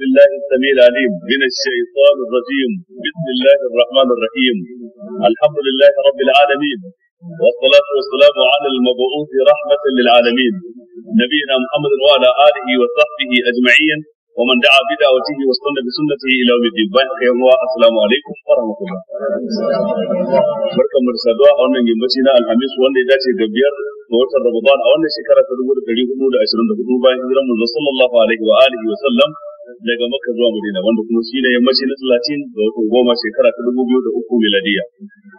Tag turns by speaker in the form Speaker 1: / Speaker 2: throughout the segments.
Speaker 1: بالله السميع العليم من الشيطان الرجيم بسم الله الرحمن الرحيم
Speaker 2: الحمد لله رب العالمين والصلاة والسلام على المبعوث رحمة للعالمين نبينا محمد وعلى آله وصحبه أجمعين ومن دعا بدعوته واستنى بسنته الى يوم الدين بارك يا الله السلام عليكم ورحمه الله بركم mu da saduwa a wannan yammaci na alhamis wanda ya dace da biyar ga watan ramadan a صلى الله عليه وآله وسلم daga Makka zuwa Madina wanda kuma shi ne yammaci na talatin da a goma shekara ta dubu biyu da uku miladiya.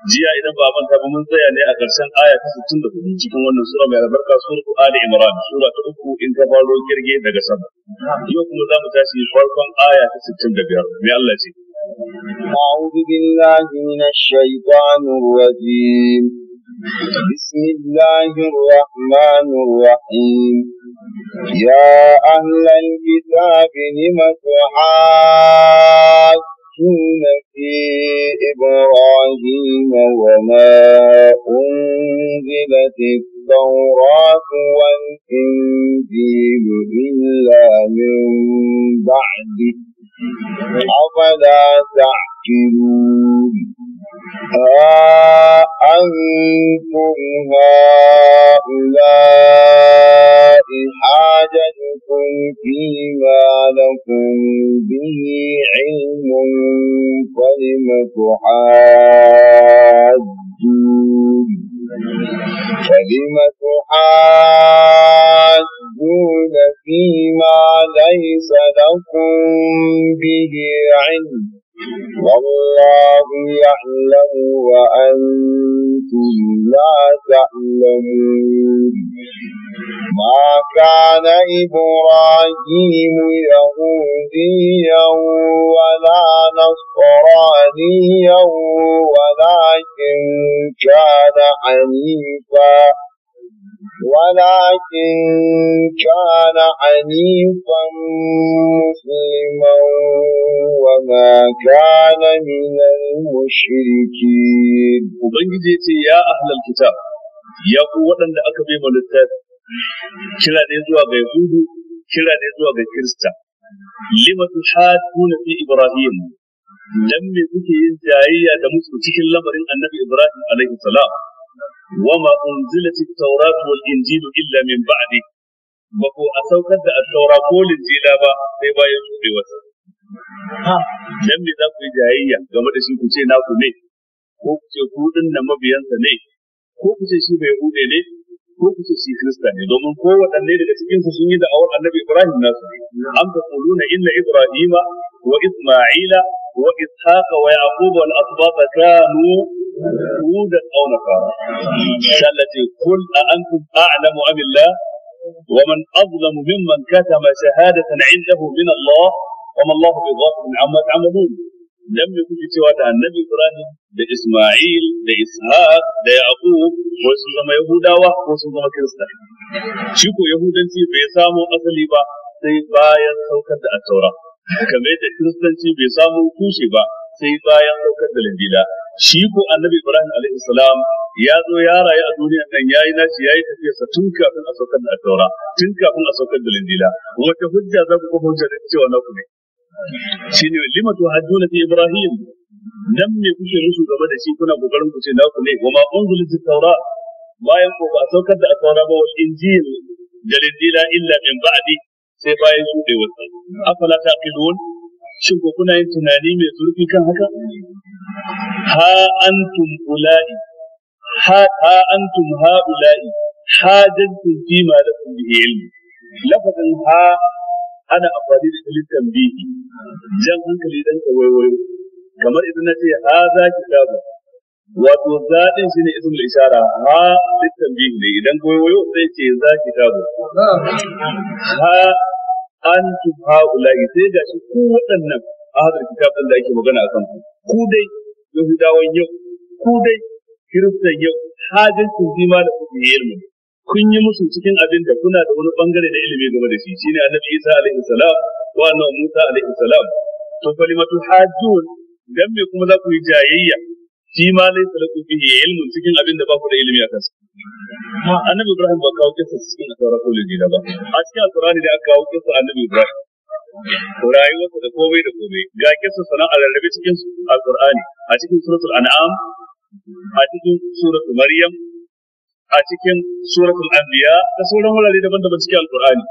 Speaker 2: Jiya idan ba manta ba mun tsaya ne a ƙarshen aya ta sittin da hudu cikin wannan sura mai albarka suratu Ali Imran sura ta uku in ta faro kirge daga sama. Yau kuma za mu tashi farkon aya
Speaker 1: ta sittin da biyar. mai Allah ce.
Speaker 3: أعوذ بالله من الشيطان الرجيم بسم الله الرحمن الرحيم يا أهل الكتاب لم تحاجون في إبراهيم وما أنزلت التوراة والإنجيل إلا من بعده أفلا تعقلون ها أنتم هؤلاء حاجتكم فيما لكم به علم فلم تحاجون فلم تحاجون فيما ليس لكم به علم والله يعلم وأنتم لا تعلمون ما كان إبراهيم يهوديا ولا نصرانيا ولكن كان حنيفا ولكن كان حنيفا مسلما وما كان من المشركين
Speaker 2: وبنجي يا أهل الكتاب يا قوة أن أكبر من التاب كلا نزوى غيبود كلا نزوى غيكرستا لما تحادون في إبراهيم لم يكن جاية دمسك تكلم عن النبي إبراهيم عليه السلام وما أنزلت التوراة والإنجيل إلا من بعده bako a saukar da attaura ko linjila ba sai bayan shuɗe wata. Dan me za ku yi jayayya game da shi ku ce naku ne, ko ku ce ku mabiyansa ne, ko ku shi bai hude ne, ko ku shi Kirista ne, domin ko daga cikin su sun yi annabi Ibrahim nasu kuluna Ibrahima wa Isma'ila wa Ishaqa wa Yaquba wal hudan aw nasara sallati kul a antum a'lamu am billah wa man azlamu mimman katama shahadatan 'indahu min Allah wa ma Allah bi ghafilin amma ta'malun dan me kuke cewa da annabi Ibrahim da Isma'il da Ishaq da Yaqub ko sun zama Yahudawa ko sun zama Kirista shi ko Yahudanci bai samo asali ba sai bayan saukar da at kamar da Kiristanci bai samo kushi ba sai bayan saukar da linjila shi ko annabi ibrahim alaihi salam ya zo ya rayu a duniya nan yayi nashi yayi tafiyarsa tun kafin a saukar da taura tun kafin a saukar da linjila wata hujja za ku ko hujja da cewa na ku ne shine limatu hajjuna fi ibrahim Nan me kuke musu gaba da shi kuna kokarin ku ce na ku ne wa ma unzilat taura bayan ko ba saukar da taura ba wal injil da linjila illa min ba'di sai bayan su da wata afala taqilun shin ko kuna yin tunani mai zurfi kan haka ha antum ulai ha ha antum ha ulai hajjatun fi ma da bihi ilmi lafazin ha ana amfani da kalitan bihi jan hankali dan kawaiwayo kamar idan na ce ha za ki kitabu wato zaɗin shi ne ismul ishara ha littan bihi ne idan goyoyo sai ce za ki kitabu ha antum haula'i sai ga shi ku waɗannan hadar kitabin da ake magana akan ku ku dai yahudawan yau ku dai kiristan yau hajin su fi ma da yi ilmi kun yi musu cikin abin da kuna da wani bangare da ilimi game da shi shine annabi Isa alaihi salam ko annabi Musa alaihi salam to kalimatu hajjun dan me kuma za ku yi jayayya shi ma laysa lakum fihi ilmun cikin abin da ba ku da ilimi a kansa ma annabi ibrahim ba kawo kisa cikin asara ko da ba a cikin alqur'ani da aka kawo kisa annabi ibrahim rayuwarsa da komai da komai ga kisa sana a rarrabe cikin alqur'ani a cikin suratul an'am a cikin suratul maryam a cikin suratul anbiya da sauran wurare daban-daban cikin alqur'ani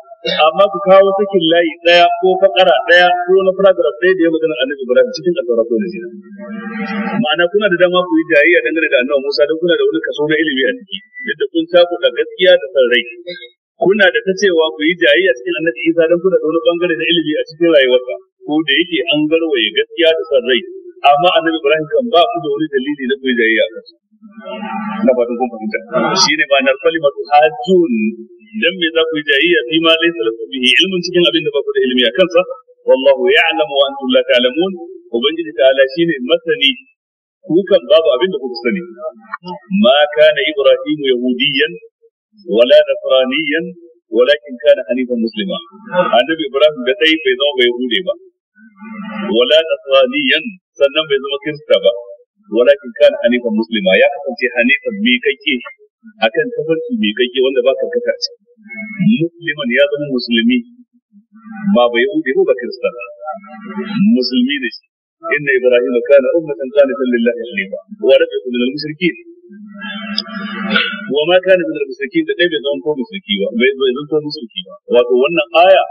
Speaker 2: amma ku kawo sakin layi daya ko fakara daya ko na paragraph daya da ya magana annabi ibrahim cikin alqur'ani ko ne ma'ana kuna da dama ku yi jayayya dangane da annabi musa don kuna da wani kaso na ilimi a ciki yadda kun taku da gaskiya da san rai kuna da ta cewa ku yi jayayya cikin annabi isa don kuna da wani bangare na ilimi a cikin rayuwarka, ko da yake an garwaye gaskiya da san rai amma annabi ibrahim kan ba ku da wani dalili na koyi jayayya a kansa na ba kun fahimta shi ne ma'anar kalimatu hajjun dan me za ku yi jayayya fi ma laysa lakum bihi ilmun cikin abin da ba ku da ilimi a kansa wallahu ya'lamu wa antum la ta'lamun ubangiji ta'ala ne masani Ku kan babu abin da kuka sani ma kana ibrahim yahudiyan wala nasraniyan walakin kana hanifan muslima annabi ibrahim da dai bai zama bai hude ba wala nasraniyan sannan bai zama kirista ba walakin kana hanifan muslima ya kasance hanifan mai kake akan tafarki mai kake wanda ba karkata ce musliman ya zama musulmi ba bai yahudi ba kirista musulmi da shi إن إبراهيم كان Wa قانتا لله حنيفا ورجل Wa ma وما كان من المشركين da ɗaya bai zama ko musulki ba bai zama ko musulki ba wato wannan aya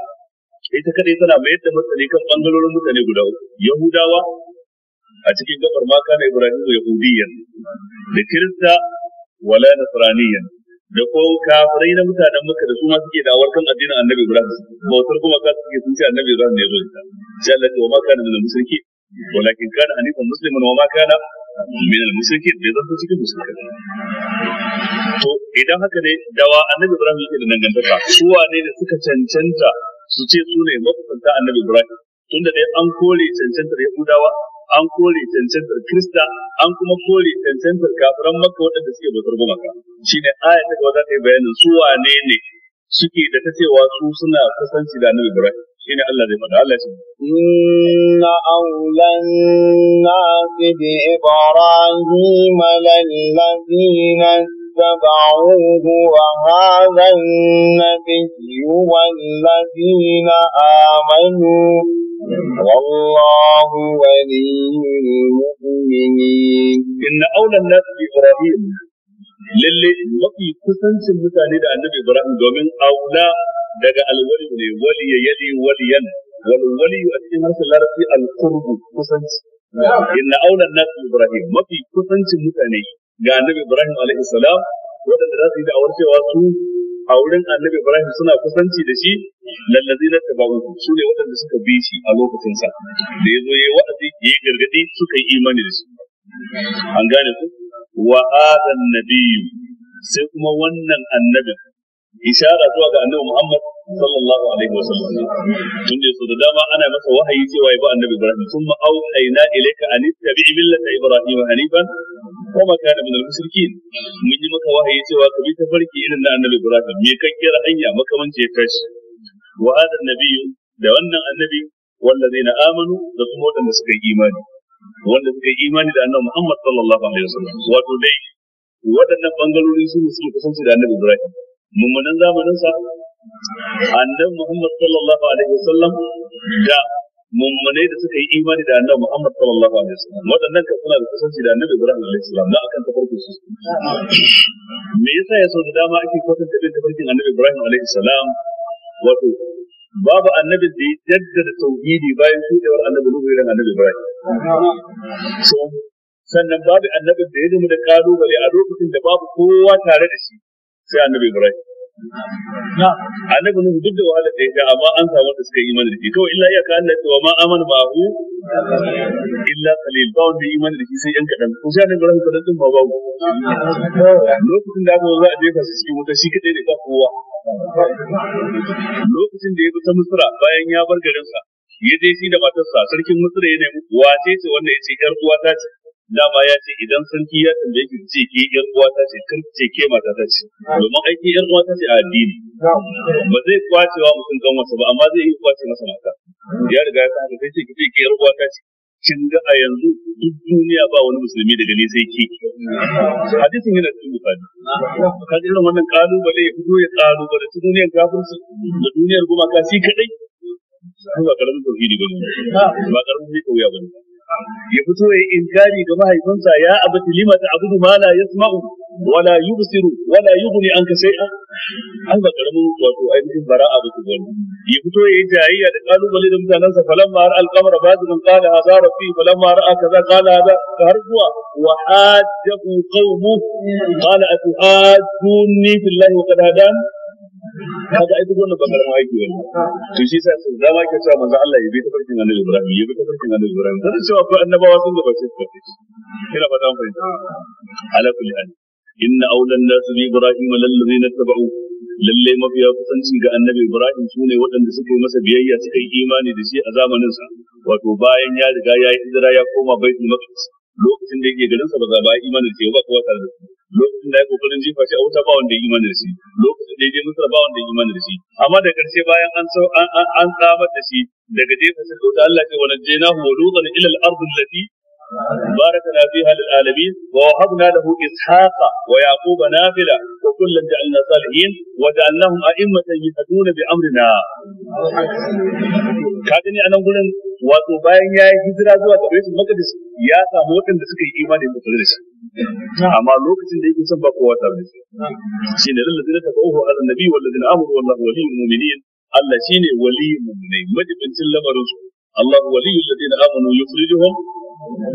Speaker 2: ita kadai tana mayar da matsali kan bangarorin mutane guda uku yahudawa a cikin gabar ma kana Ibrahim yahudiyyan da kirista wala nasraniyyan da ko kafirai na mutanen Makka da su ma suke da awarkan addinin annabi Ibrahim bautar kuma ka suke sun ce annabi Ibrahim ne zo ita sai Allah ta ma kana da musulki walakin kana hanifa musliman wa maka kana min al musulki da zan cikin musulki. to idan haka ne dawa annabi Ibrahim yake da dangantaka su wane ne suka cancanta su ce su ne mafukanta annabi Ibrahim tunda dai an kore cancantar Yahudawa an kore cancantar Kirista an kuma kore cancantar kafiran Makka waɗanda suke bautar gumaka shine aya ta gaba za ta yi bayanin su wane ne
Speaker 3: suke da ta cewa su suna kasance da Nabi Ibrahim ne Allah zai faɗa Allah ya ce inna aulan nasi bi ibrahim lalladhina اتبعوه وهذا النبي والذين آمنوا والله ولي المؤمنين إن أولى الناس
Speaker 2: بإبراهيم lalle mafi kusancin mutane da annabi Ibrahim domin aula daga alwali ne wali ya waliyan wal wali a cikin harshen kusanci inna aula Ibrahim mafi kusancin mutane ga annabi Ibrahim alaihi salam waɗanda za su yi da'awar cewa su a wurin annabi Ibrahim suna kusanci da shi lallazi na tabawu su ne waɗanda suka bi shi a lokacin sa da ya zo ya wa'azi ya yi gargaɗi suka yi imani da shi an gane ku wa adan nabiyyu sai kuma wannan annabin ishara zuwa ga annabi Muhammad sallallahu alaihi wa sallam tun da su da dama ana masa wahayi cewa ya ba annabi Ibrahim au aina ilayka anittabi tabi'i millata Ibrahim hanifan kama ka da minal musulkin mun yi maka wahayi cewa ka bi tafarki irin da annabi Ibrahim me kakkiyar hanya makamanci ya tashi wa hadan nabiyyu da wannan annabi wallazina amanu da kuma wadanda suka yi imani wanda suka yi imani da annabi Muhammad sallallahu alaihi wasallam wato dai waɗannan bangarori su ne suka kasance da annabi Ibrahim mummunan zamanin sa annabi Muhammad sallallahu alaihi wasallam da mummunai da suka yi imani da annabi Muhammad sallallahu alaihi wasallam wadannan ka suna da kusanci da annabi Ibrahim alaihi salam na akan tafarkin su me yasa ya so da dama ake kwatanta da tafarkin annabi Ibrahim alaihi salam wato babu annabi da ya jaddada tauhidi bayan shudewar annabi Nuhu da annabi Ibrahim so sannan babu Annabi da ya zama da kalubale a lokacin da babu kowa tare da shi sai annabi Ibrahim annabi nuhu duk da wahalar da ya amma an samu da suka imani da shi kawai illa iyaka Allah ce wa ma amana ba hu illa qalil ba wanda imani da shi sai yan kadan ko sai annabi rahmu kadan ba ba lokacin da aka za a jefa su cikin wuta shi kadai da ka kowa lokacin da ya bi ta Misra bayan ya bar garinsa ya je shi da matarsa sarkin Misra ya nemi wace ce wanda ya ce yar uwa ta ce dama ya ce idan sarki ya tambaye ki ce ke yan uwata ce kar ce ke mata ta ce domin aiki yan uwata ce a addini ba zai kwace wa mutum kan wasa ba amma zai iya kwace masa mata ya riga ya san sai ce ki ce ke yan uwata ce kin ga a yanzu duk duniya ba wani musulmi daga ni sai ke hadisin yana cikin bukari ka ga irin wannan kalubale ya fito ya kalubale ta duniyar kafirci da duniyar gumaka shi kadai ba karamin tauhidi ba ba karamin zai kauya ba ne ya fito ya yi inkari ga mahaifinsa ya abati lima ta abudu ma la yasma'u wa la yubsiru wa la yughni anka shay'a an ga karamin wato ainihin bara'a da wani. ya fito ya yi jayayya da kalubale da mutanensa falamma har alqamara bazilan qala hadha rabbi falamma ra'a kaza qala hadha har zuwa wa hajjahu qawmu qala atuhajjuni billahi wa qad hadani kaga ai duk wannan bangaren aiki ne to shi yasa sai zama ke cewa manzo Allah ya bi ta farkin annabi Ibrahim ya bi ta farkin annabi Ibrahim sai cewa akwai annabawa sun gaba sai farkin kina fata mun fahimta ala kulli hal inna awlan nas bi Ibrahim lallazina tabu lalle mafiya kusanci ga annabi Ibrahim sune waɗanda suka yi masa biyayya suka yi imani da shi a zamanin sa wato bayan ya riga ya yi hijira ya koma baitul maqdis lokacin da yake garin sa ba za ba imani da shi ba kuwa tare da shi lokacin da ya kokarin jefa shi a wuta ba wanda ya yi mana shi lokacin da ya je musa ba wanda ya yi mana shi amma da karshe bayan an an an tsamar da shi daga jefa shi wuta Allah ya wani na huwa lutan ila al-ardh allati باركنا فيها للعالمين ووهبنا له إسحاق ويعقوب نافلة وكلا جعلنا صالحين وجعلناهم أئمة يهدون بأمرنا كادني أنا أقول wato bayan ya yi hijira zuwa ga Baitul ya samu waɗanda suka yi imani da Maqdis amma lokacin da yake son ba kowa ta bisu shine lallazina tafahu al-nabi wallazina amanu wallahu waliyul mu'minin Allah shine waliyul mu'minin majibincin lamarin su Allah amanu yukhrijuhum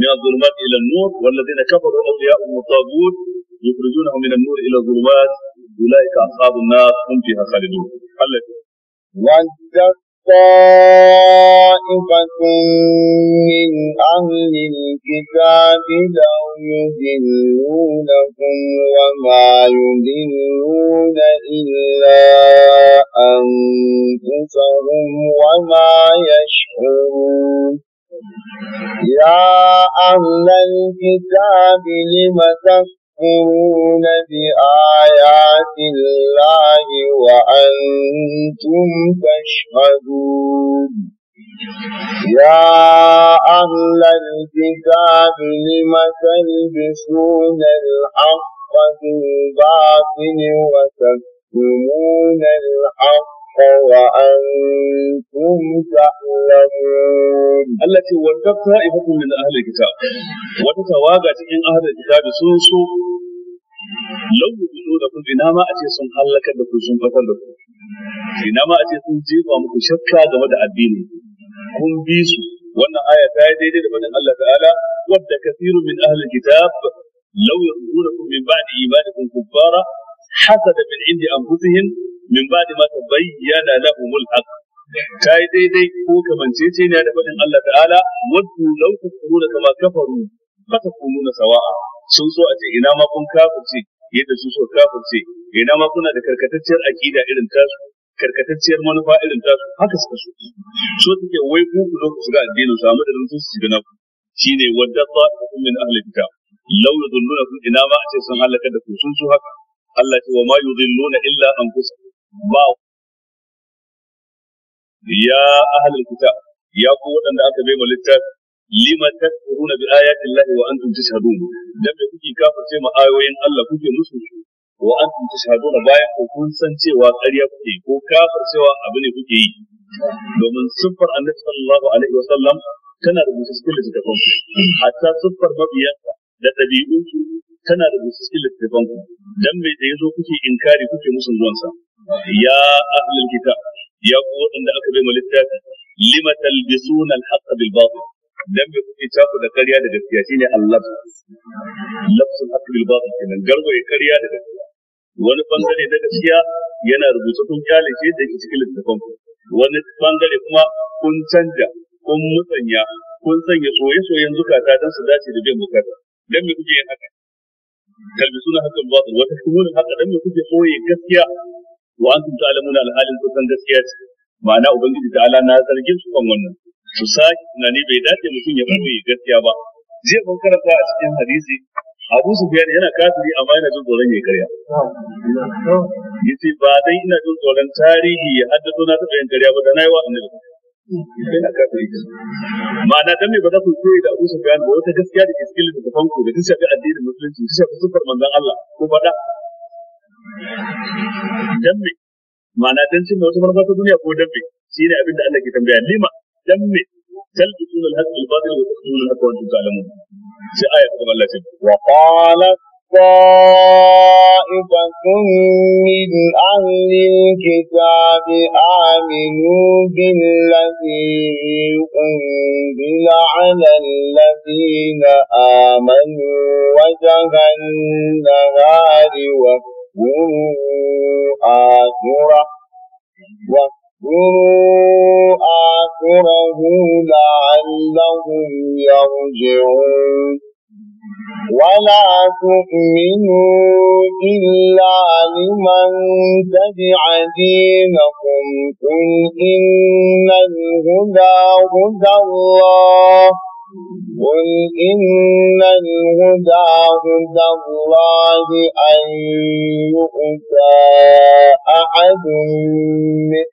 Speaker 2: من الظلمات إلى النور والذين كفروا أولياءهم الطاغوت يخرجونهم من النور إلى الظلمات أولئك أصحاب النار هم فيها خالدون التي
Speaker 4: ودت طائفة من أهل الكتاب لو
Speaker 3: يذلونكم وما يذلون إلا أنفسهم وما يشعرون يا أهل الكتاب لم تكفرون بآيات الله وأنتم تشهدون يا أهل الكتاب لم تلبسون الحق بالباطل وتكتمون الحق الحق وأنتم تعلمون
Speaker 2: التي ودت طائفة من أهل الكتاب وتتواجد من أهل الكتاب سوسو لو يجدونكم إنما أتي sun halakar da ku sun batar da ku ina ma a ce sun jefa muku shakka game da addini kun bi su wannan aya ta yi daidai da fadin Allah ta'ala wadda kathiru min ahli kitab law yakhrujunakum min ba'di imanikum kuffara hasada min indi min ba da mata bayyana lahumul haq ta yi daidai ko kamancece ne da faɗin Allah ta'ala waddu law tukfuruna kama kafaru fa takununa sawa'a sun so a ce ina ma kun kafirce yadda su so kafirce ina ma kuna da karkatacciyar akida irin tasu karkatacciyar manufa irin tasu haka suka so so take wai ku ku zo ku shiga addinin su amma da sun shiga naku shine wadda ta'atun min ahli kitab law yudhunnunakum ina ma a ce sun halaka da ku sun so haka Allah ce wa ma yudhilluna illa anfusahum ba ya ahlul kuta. ya ku waɗanda aka bai mu littafi lima tadkuruna bi ayati llahi wa antum tashhadun dan da kuke kafirce mu ayoyin Allah kuke musu wa antum tashhaduna bayan ko kun san cewa ƙarya kuke ko kafircewa abu ne kuke yi domin siffar annabi sallallahu alaihi wa sallam tana da rubuta cikin littafin hatta siffar Mabiyanka da ɗabi'unsu tana da rubuta cikin littafin dan me da yazo kuke inkari kuke musun zuwansa ya ahlul kitab ya ku waɗanda aka bai mu littafi lima talbisuna al-haqq bil batil kuke taku da ƙarya da gaskiya Allah wani bangare da gaskiya yana rubuta kun kyalace da cikin littafin wani bangare kuma kun canja kun musanya kun sanya soye-soyen zukata don su dace da bin bukata dan me kuke yin haka kalbi suna hakan ba wata kuma haka dan me kuke soye gaskiya wa antum ta'lamuna al-halin san gaskiya ce ma'ana ubangiji Allah na zargin su kan wannan su sake tunani bai dace mutum ya ɓoye gaskiya ba zai ban karanta a cikin hadisi Abu Sufyan yana kafiri amma yana jin tsoron yayi karya yace ba dai ina jin tsoron tarihi ya haddasa na taɓa yin karya ba da nayi wa annabi yana kafiri ma'ana dan me ba za ku koyi da Abu Sufyan ba wata gaskiya da ke cikin littafin ku da ta shafi addinin musulunci ta shafi sufar manzon Allah ko fada Dan me? Ma'ana dan sun wata farfa ta duniya ko dan Shi ne abinda da Allah ke tambaya. Lima? Dan me? Sal bisun al-haq
Speaker 3: al-batil wa tasun al-haq wa antum ta'lamun. Sai aya ta Allah ce. Wa qala طائفة من أهل الكتاب آمنوا بالذي أنزل على الذين آمنوا وجه واذكروا آخره واذكروا آخره لعلهم يرجعون ولا تؤمنوا إلا لمن تبع دينكم قل إن الهدى هدى الله قل إن الهدى هدى الله أن يؤتى أحد مثل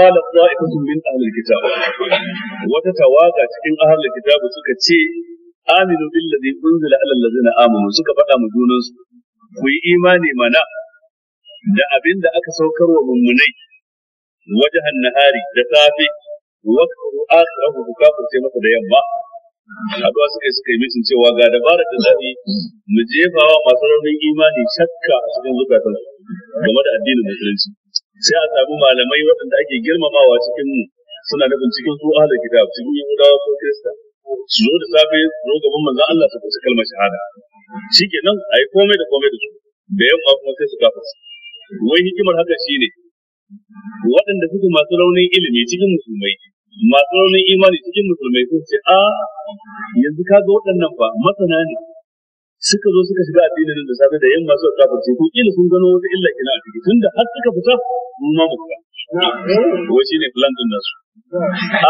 Speaker 3: qala qa'ibatun
Speaker 2: min ahli alkitab wata tawaga cikin ahli alkitab suka ce aminu billazi unzila ala allazina amanu suka faɗa mu junan su ku yi imani mana da abin da aka saukar wa mummunai wajahan nahari da safe wa karu akhirahu ku ce masa da yamma haduwa suka yi suka yi mitin cewa ga dabarar da zaɓi mu jefa wa masu raunin imani shakka a cikin zukatan game da addinin musulunci sai a samu malamai waɗanda ake girmamawa cikin mu suna nufin cikin su ahlul kitab cikin yahudawa ko kirista su zo da safe su zo gaban manzon Allah su kusa kalmar shahada shikenan yi komai da komai da su da yamma kuma sai su kafa wai hikimar haka shine waɗanda suke masu raunin ilimi cikin musulmai masu raunin imani cikin musulmai sun ce a yanzu ka ga waɗannan ba masana ne suka zo suka shiga addinin da safe da yamma suka kafirce ko kila sun gano wata illa kina a ciki tunda har suka fita mun ma mutuwa wai shine plan din nasu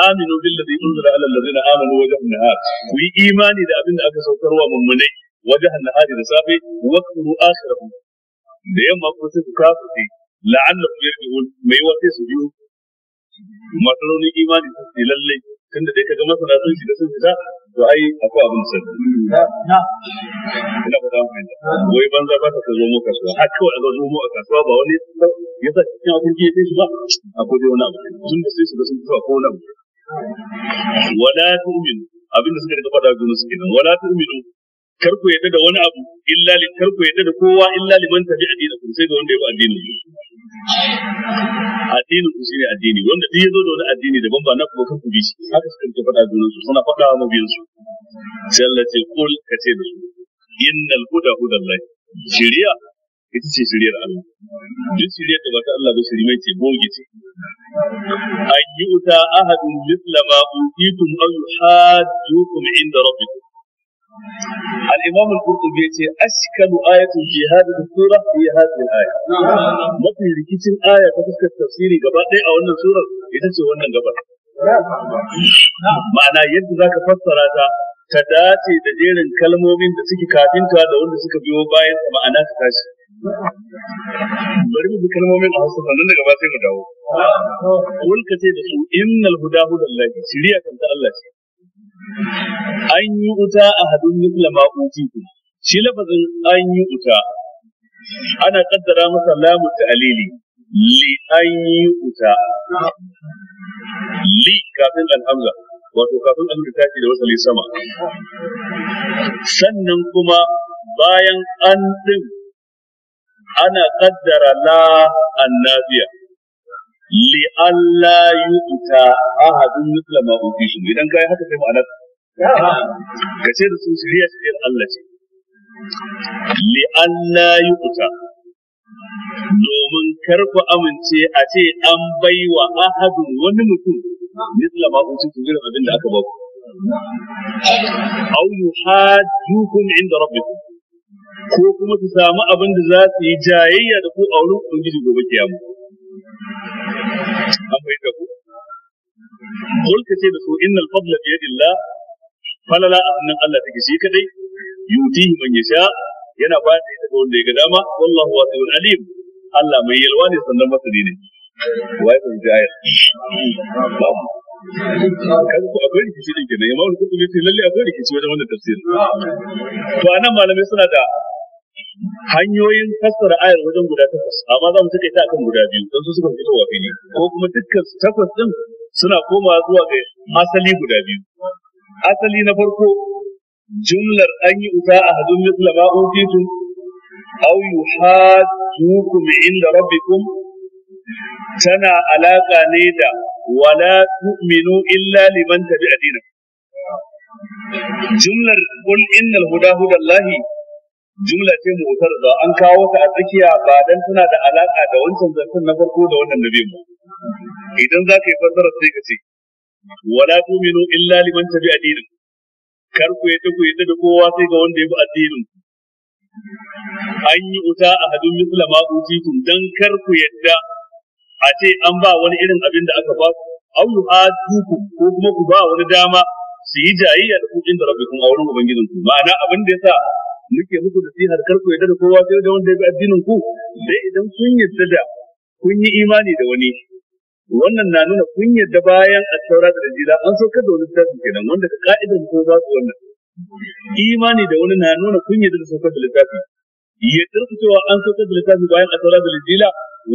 Speaker 2: aminu billazi unzila ala allazina amanu wajhan nahar ku yi imani da abin da aka saukarwa mummunai wajhan nahar da safe waqtu akhirahu da yamma kuma sai ku kafirce la'annakum yarji'un mai wace su biyu masu raunin imani su lallai. tun da dai ka ga masana shi da sun fita to ai akwai abin sun ina fata mu fahimta wai banza ba ta zo mu kasuwa har kawai a zo mu a kasuwa ba wani ya sa cikin abin ya kai shi ba akwai dai wani abu tun da sai da sun fita ko wani abu wala tu'minu abin da suka daga faɗa ga su kenan wala tu'minu kar ku yadda da wani abu illa li kar ku yadda da kowa illa liman tabi'a dinakum sai ga wanda ya bi addinin addini ku shine addini wanda duk yazo da wani addini daban ba na ku ku bi shi haka suka ta faɗa junan su suna fada ma biyan su sai Allah ce kul ka ce da su innal huda hudallahi shiriya ita ce shiriyar Allah duk shiriyar da ba ta Allah ba shiri mai ce boge ce ayyuta yi uta ahadun mislama utitum aw yuhaddukum inda rabbikum الإمام القرطبي يقول أشكل آية في هذه السورة هي هذه الآية ما في ركيتين آية تفسك التفسيري قبل أو أن السورة يتسوى أن قبل ma'ana yadda za ka fassara ta ta dace da jerin kalmomin da suke kafinta da wanda suka biyo bayan ma'ana ta tashi bari mu bi kalmomin a hausa sannan daga sai mu dawo wani ce da su inna huda hudallahi shiriya kan ta Allah an yi wuta a hadin misla ma shi lafazin an yi wuta ana kaddara masa lamu ta'alili li an yi wuta li kafin alhamza wato kafin alhamza ta da wasali sama sannan kuma bayan an din ana kaddara la nafiya. li alla yu'ta ahadun mithla ma utitu idan kai haka sai ma'ana ka ce da su shirya da Allah ce li alla yu'ta domin kar ku amince a ce an baiwa ahadun wani mutum mithla ma utitu irin abin da aka ba ku au yuhadukum inda rabbikum ko kuma su samu abin da za su yi jayayya da ku a wurin ubangiji gobe kiyama
Speaker 1: an bai da ku
Speaker 2: kul ce da su innal fadla bi yadillah falala a hannun Allah take shi kadai yutihi man yasha yana ba da ita wanda ya ga dama wallahu wa wasi'un alim Allah mai yalwa ne sannan masani ne wai ban ji ayar kan ku akwai rikici ne kenan yamma, imam kutubi ce lalle akwai rikici wajen wannan tafsir to anan malamai suna da hanyoyin fassara ayar wajen guda takwas amma za mu suka ta akan guda biyu don su suka fito wa fili ko kuma dukkan takwas din suna koma zuwa ga asali guda biyu asali na farko jumlar an yi uta a hadun misla ma utitum aw yuhajjukum inda rabbikum tana alaƙa ne da wala tu'minu illa liman tabi'a dinakum jumlar qul innal huda hudallahi jumla ce mu utar da an kawo ta a tsakiya ba dan tana da alaka da wancan zancen na farko da wannan nabi mu idan za ka yi fassara sai ka ce wala tu'minu illa liman tabi'a dinin kar ku yadda ku yadda da kowa sai ga wanda ya bi addinin an yi uta a hadin misla ma utitum dan kar ku yadda a ce an ba wani irin abin da aka ba ku au yu'atuku ko kuma ku ba wani dama su yi jayayya da ku inda rabbikum a wurin ubangijinku ma'ana abin da yasa muke muku da sihar ku yadda kowa sai da wanda ya bi addinin ku sai idan kun yadda da kun yi imani da wani wannan na nuna kun yadda bayan a taura da injila an so kada wani littafi kenan wanda ka ka'idan ko ba su wannan imani da wani na nuna kun yadda da saukar da littafi ya ku cewa an saukar da littafi bayan a taura da injila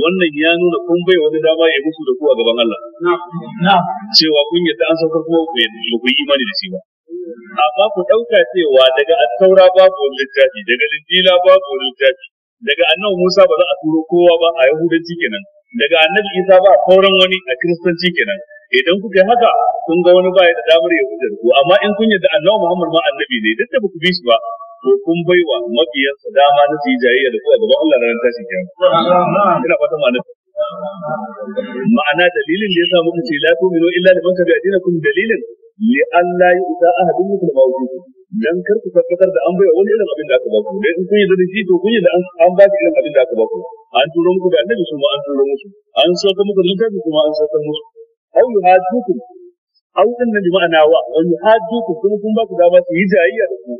Speaker 2: wannan ya nuna kun bai wani dama ya musu da ku a gaban Allah cewa kun yadda an saukar kuma ku yi imani da shi ba amma ku ɗauka cewa daga Saura babu wani littafi daga linjila babu wani littafi daga annabi Musa ba za a turo kowa ba a yahudanci kenan daga annabi Isa ba sauran wani a kiristanci kenan idan kuka haka kun ga wani baya da damar ya hujjar ku amma in kun yadda annabi Muhammad ma annabi ne duk da ba ku bi shi ba to kun baiwa mabiyansa dama na su yi jayayya da ku gaban Allah ranar tashi kenan ina fata ma'ana ma'ana dalilin da sa muku ce la tu'minu illa liman tabi'a dinakum dalilin li Allah ya isa ahadin mutum ba wuce dan kar ku tabbatar da an bai wani irin abin da aka ba ku dai in kun yi da shi to kun yi da an ba ki irin abin da aka ba ku an turo muku da annabi su ma an turo musu an sauka muku da littafi kuma an sauka musu au yuhaduku au din nan jama'a nawa au yuhaduku kuma kun ba ku dama su yi jayayya da ku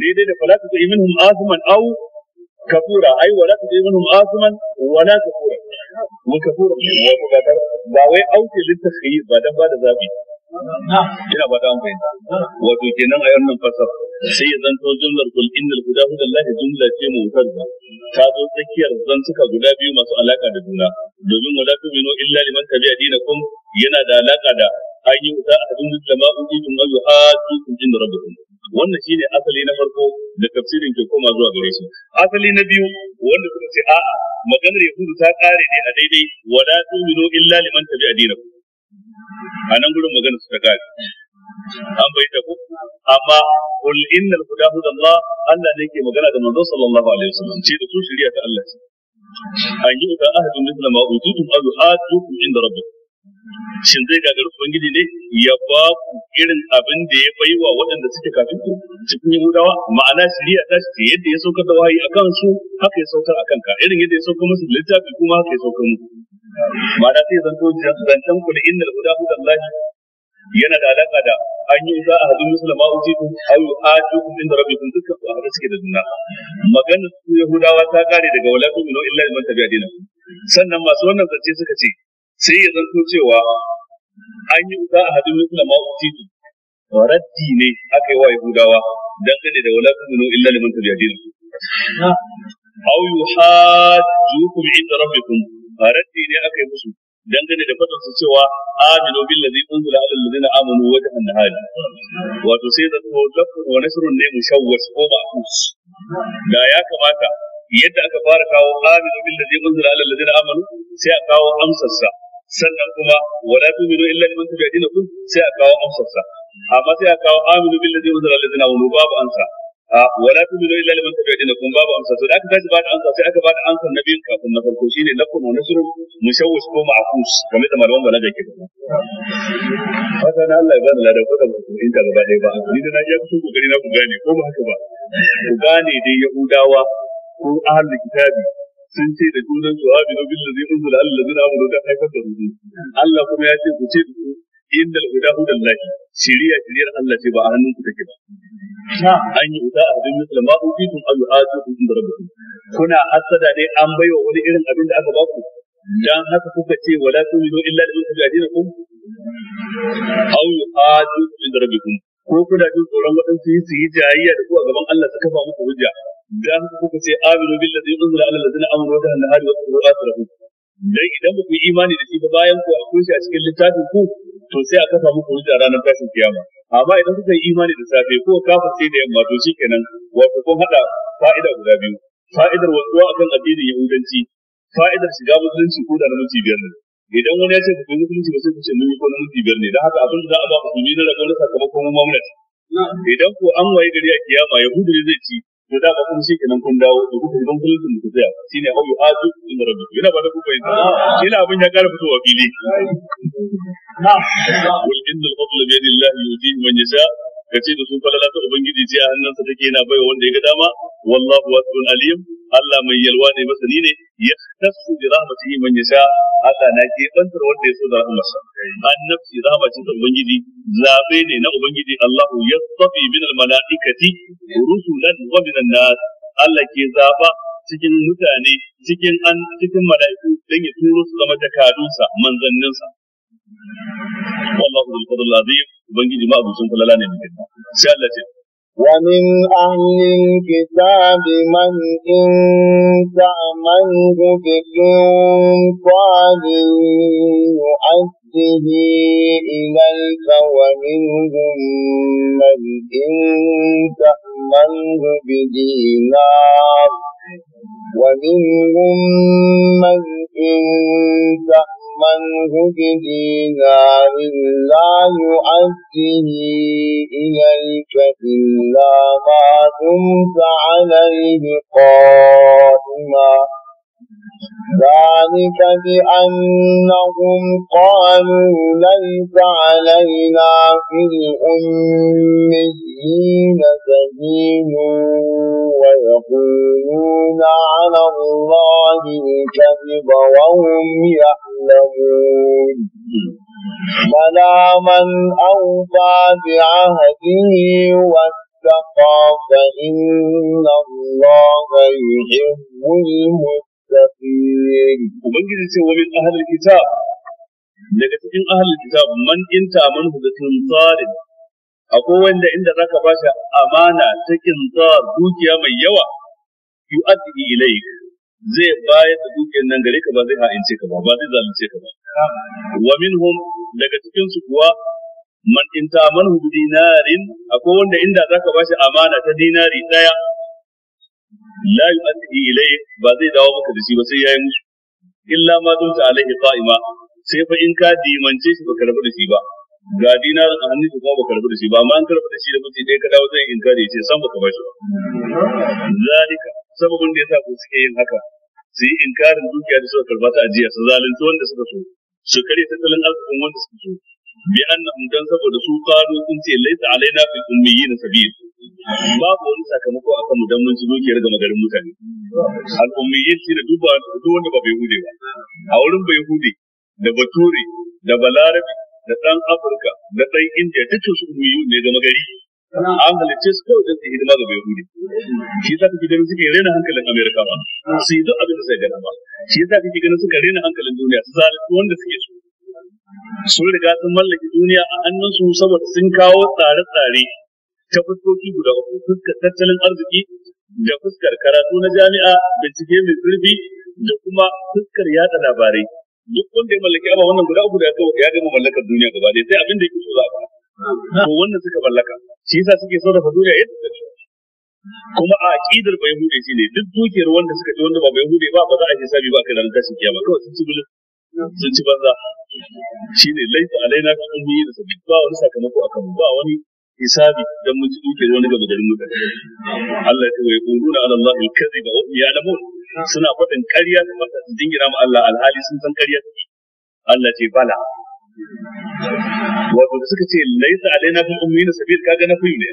Speaker 2: daidai da falaka ta minhum azman au kafura ai wala ta minhum azman wala kafura wa kafura wa ba wai auke littafi ba dan ba da zabi
Speaker 1: ina
Speaker 2: ba ta an fahimta wato kenan a yannan fasar sai ya zanto jumlar kul innal huda hudallahi jumla ce mu wutar da ta zo tsakiyar zantuka guda biyu masu alaka da juna domin wala tu'minu illa liman tabi'a dinakum yana da alaka da an yi wuta a hadin da ma ujitum wa yuhaddukum inda rabbikum wannan shine asali na farko da tafsirin ke koma zuwa gare shi asali na biyu wanda suka ce a'a maganar yahudu ta kare ne a daidai wala tu'minu illa liman tabi'a dinakum a nan gudun magana su ta kare. an bai ta ku amma kul innal huda hudallah Allah ne ke magana da manzo sallallahu alaihi wasallam ce da su shari'a ta Allah ce an yi ta ahadun mithla ma utitum aw atukum inda rabbikum shin zai gagari ubangiji ne ya ba ku irin abin da ya bai wa waɗanda suke kafin ku cikin yahudawa ma'ana shirya ta ce yadda ya saukar da wahayi akan su haka ya saukar akan ka irin yadda ya saukar musu littafi kuma haka ya saukar musu ma'ana sai zan zanto zancen ku da innal huda hudallahi yana da alaka da an yi za a hadu musulma uji kun ayu aju kun inda rabbi kun dukkan su haka suke da juna maganar su yahudawa ta kare daga wala tu'minu illa liman tabi'a dinakum sannan masu wannan zance suka ce sai ya zanto cewa an yi wuta a hadin mutum da masu titi raddi ne aka yi wa yahudawa dangane da wala tuminu illa liman tabi'adin aw yuhajjukum inda rabbikum raddi ne aka yi musu dangane da fatan su cewa aminu billazi unzila ala allazina amanu wajhan hali. wato sai da to lafzun wa nasrun ne mushawwas ko ma'kus da ya kamata yadda aka fara kawo aminu billazi unzila ala allazina amanu sai a kawo amsarsa sannan kuma wala tu'minu illa liman tabi'a dinakum sai a kawo amsarsa amma sai a kawo aminu bil ladzi unzila alladhina amanu babu amsa wala tu'minu illa liman tabi'a dinakum babu amsa sai aka tashi ba amsa sai aka ba da amsar nabiyin kafin na farko shine lakum wa nasru mushawwish ko ma'kus kamar da malaman balaga ke faɗa fata na Allah ya bani lada ko da mutum inda gaba ɗaya ba ni da na ji ku kokari na ku gane ko ba haka ba ku gane dai yahudawa ko ahlul kitabi sun ce da junan su aminu billazi unzila alal zai amanu da haifar da rubu Allah kuma ya ce ku ce da inda al-huda hudan lahi shirya-shiryar Allah ce ba a hannun ku take ba an yi wuta a hadin misal ma utitum al-hadu inda rabbikum kuna hasada ne an baiwa wani irin abin da aka ba ku dan haka kuka ce wala tu'minu illa bi mujahidinakum aw yuhadu inda rabbikum ko kuna jin tsoron waɗansu yi su yi jayayya da ku a gaban Allah su kafa muku hujja da haka kuka ce aminu bil da unzila na allazina da wa tahna hadi wa qulu atrahu dan idan ku yi imani da shi ba bayan ku akwai shi a cikin littafin ku to sai a kafa muku hujja ranar tashin kiyama amma idan kuka yi imani da safe ko kafa sai da yamma to shikenan wato kun hada fa'ida guda biyu fa'idar wasuwa akan addinin yahudanci fa'idar shiga musulunci ko da namiji biyar ne idan wani ya ce ku musulunci ba sai ku ce mun ko namiji biyar ne don haka abin da za a ba ku musulmi na rabon sakamakon mu mamlaka idan ko an waye gari a kiyama yahudu ne zai ci to da kun shi kenan kun dawo to kuka idan kun sun ku tsaya shine au yu'atu in rabbi yana ba da ku bayin shine abin ya kara fitowa fili na'am wal innal fadl bi yadillahi yuti man yasha ka ce da su falala ta ubangiji ce a hannunsa take yana baiwa wanda ya ga dama wallahu wasi'un alim Allah mai yalwa ne masani ne ya tasu bi rahmatihi man yasha Allah na ke bantar wanda ya so da rahmarsa an nafsi rahmatin da ubangiji zabe ne na ubangiji Allahu yastafi min al malaikati rusulan wa min an Allah ke zaba cikin mutane cikin an cikin mala'iku dan ya turo su zama jakadunsa manzanninsa والله ذو الفضل العظيم ubangiji ma abucin kulala ne bikin sai Allah ce
Speaker 3: ومن أهل الكتاب من إن تأمنه بقنطار يؤده إليك ومنهم من إن تأمنه منه بدينار ومنهم من إن تأمنه بدينار لا يؤديه إليك إلا ما دمت عليه قائما ذلك بأنهم قالوا ليس علينا في الأميين سبيل ويقولون على الله الكذب وهم يعلمون بلى من أوفى بعهده واتقى فإن الله يحب المتقين
Speaker 2: Ubangiji ce سوى من أهل الكتاب daga cikin ahalin kitab man in tamanhu da tsarin akwai wanda inda za zaka bashi amana ta kintar dukiya mai yawa yu yu'addi ilayk zai bayar da dukiyar nan gare ka ba zai ha'ince ka ba ba zai zalunce ka ba wa minhum daga cikin su kuwa man in tamanhu dinarin akwai wanda inda za zaka bashi amana ta dinari daya la yu'addi ilai ba zai dawo maka da shi ba sai ya yi musu illa ma dunta alaihi qa'ima sai fa in ka dimance shi ba rabu da shi ba ga dinar a hannun shi kuma baka rabu da shi ba amma an karba da shi da mutum dai ka dawo zai inkari ya ce san ka ba shi ba zalika sababin da yasa ku suke yin haka su yi inkarin dukiya da suka karba ta ajiya su zalunci wanda suka so su kare tattalin arzikin wanda suka so بأن annahum سفر saboda su أنت sun ce في alaina سبيل ما هو babu wani sakamako akan mu سبيل كي رجم dukiyar ga الأميين mutane al ummiyin shi da duba wanda ba bai hude ba a wurin bai hude da bature da balarabi da dan afirka da indiya su ne an halicce su kawai don hidima ga Yahudi shi sa kake ganin suke rena hankalin Amerika ba su yi duk abin da suka gana ba shi sa kake ganin suka rena hankalin duniya su zalunci wanda suke so sun riga sun mallaki duniya a hannunsu saboda sun kawo tsare-tsare ta fuskoki guda uku fuskar tattalin arziki da fuskar karatu na jami'a bincike mai zurfi da kuma fuskar yada labarai duk wanda ya mallaki abu wannan guda uku da ya ya gama mallakar duniya gaba ɗaya sai abin da yake so za a to wannan suka mallaka shi yasa suke sarrafa duniya yadda suka kuma a aqidar bai hude shi ne duk dukiyar wanda suka ci wanda ba bai hude ba ba za a sabi ba kai ran tashin kiyama kawai sun ci bulus sun ci banza shi ne laifin alaina ka an yi da sabi ba wani sakamako a kan ba wani hisabi don mun ci duke wani gaba garin mutane Allah ya wai kuruna ala Allah al-kadhiba ya ya'lamun suna faɗin ƙarya da jingira ma Allah alhali sun san ƙarya Allah ce bala wato da suka ce laisa alaina kun da sabil kaga na fiye ne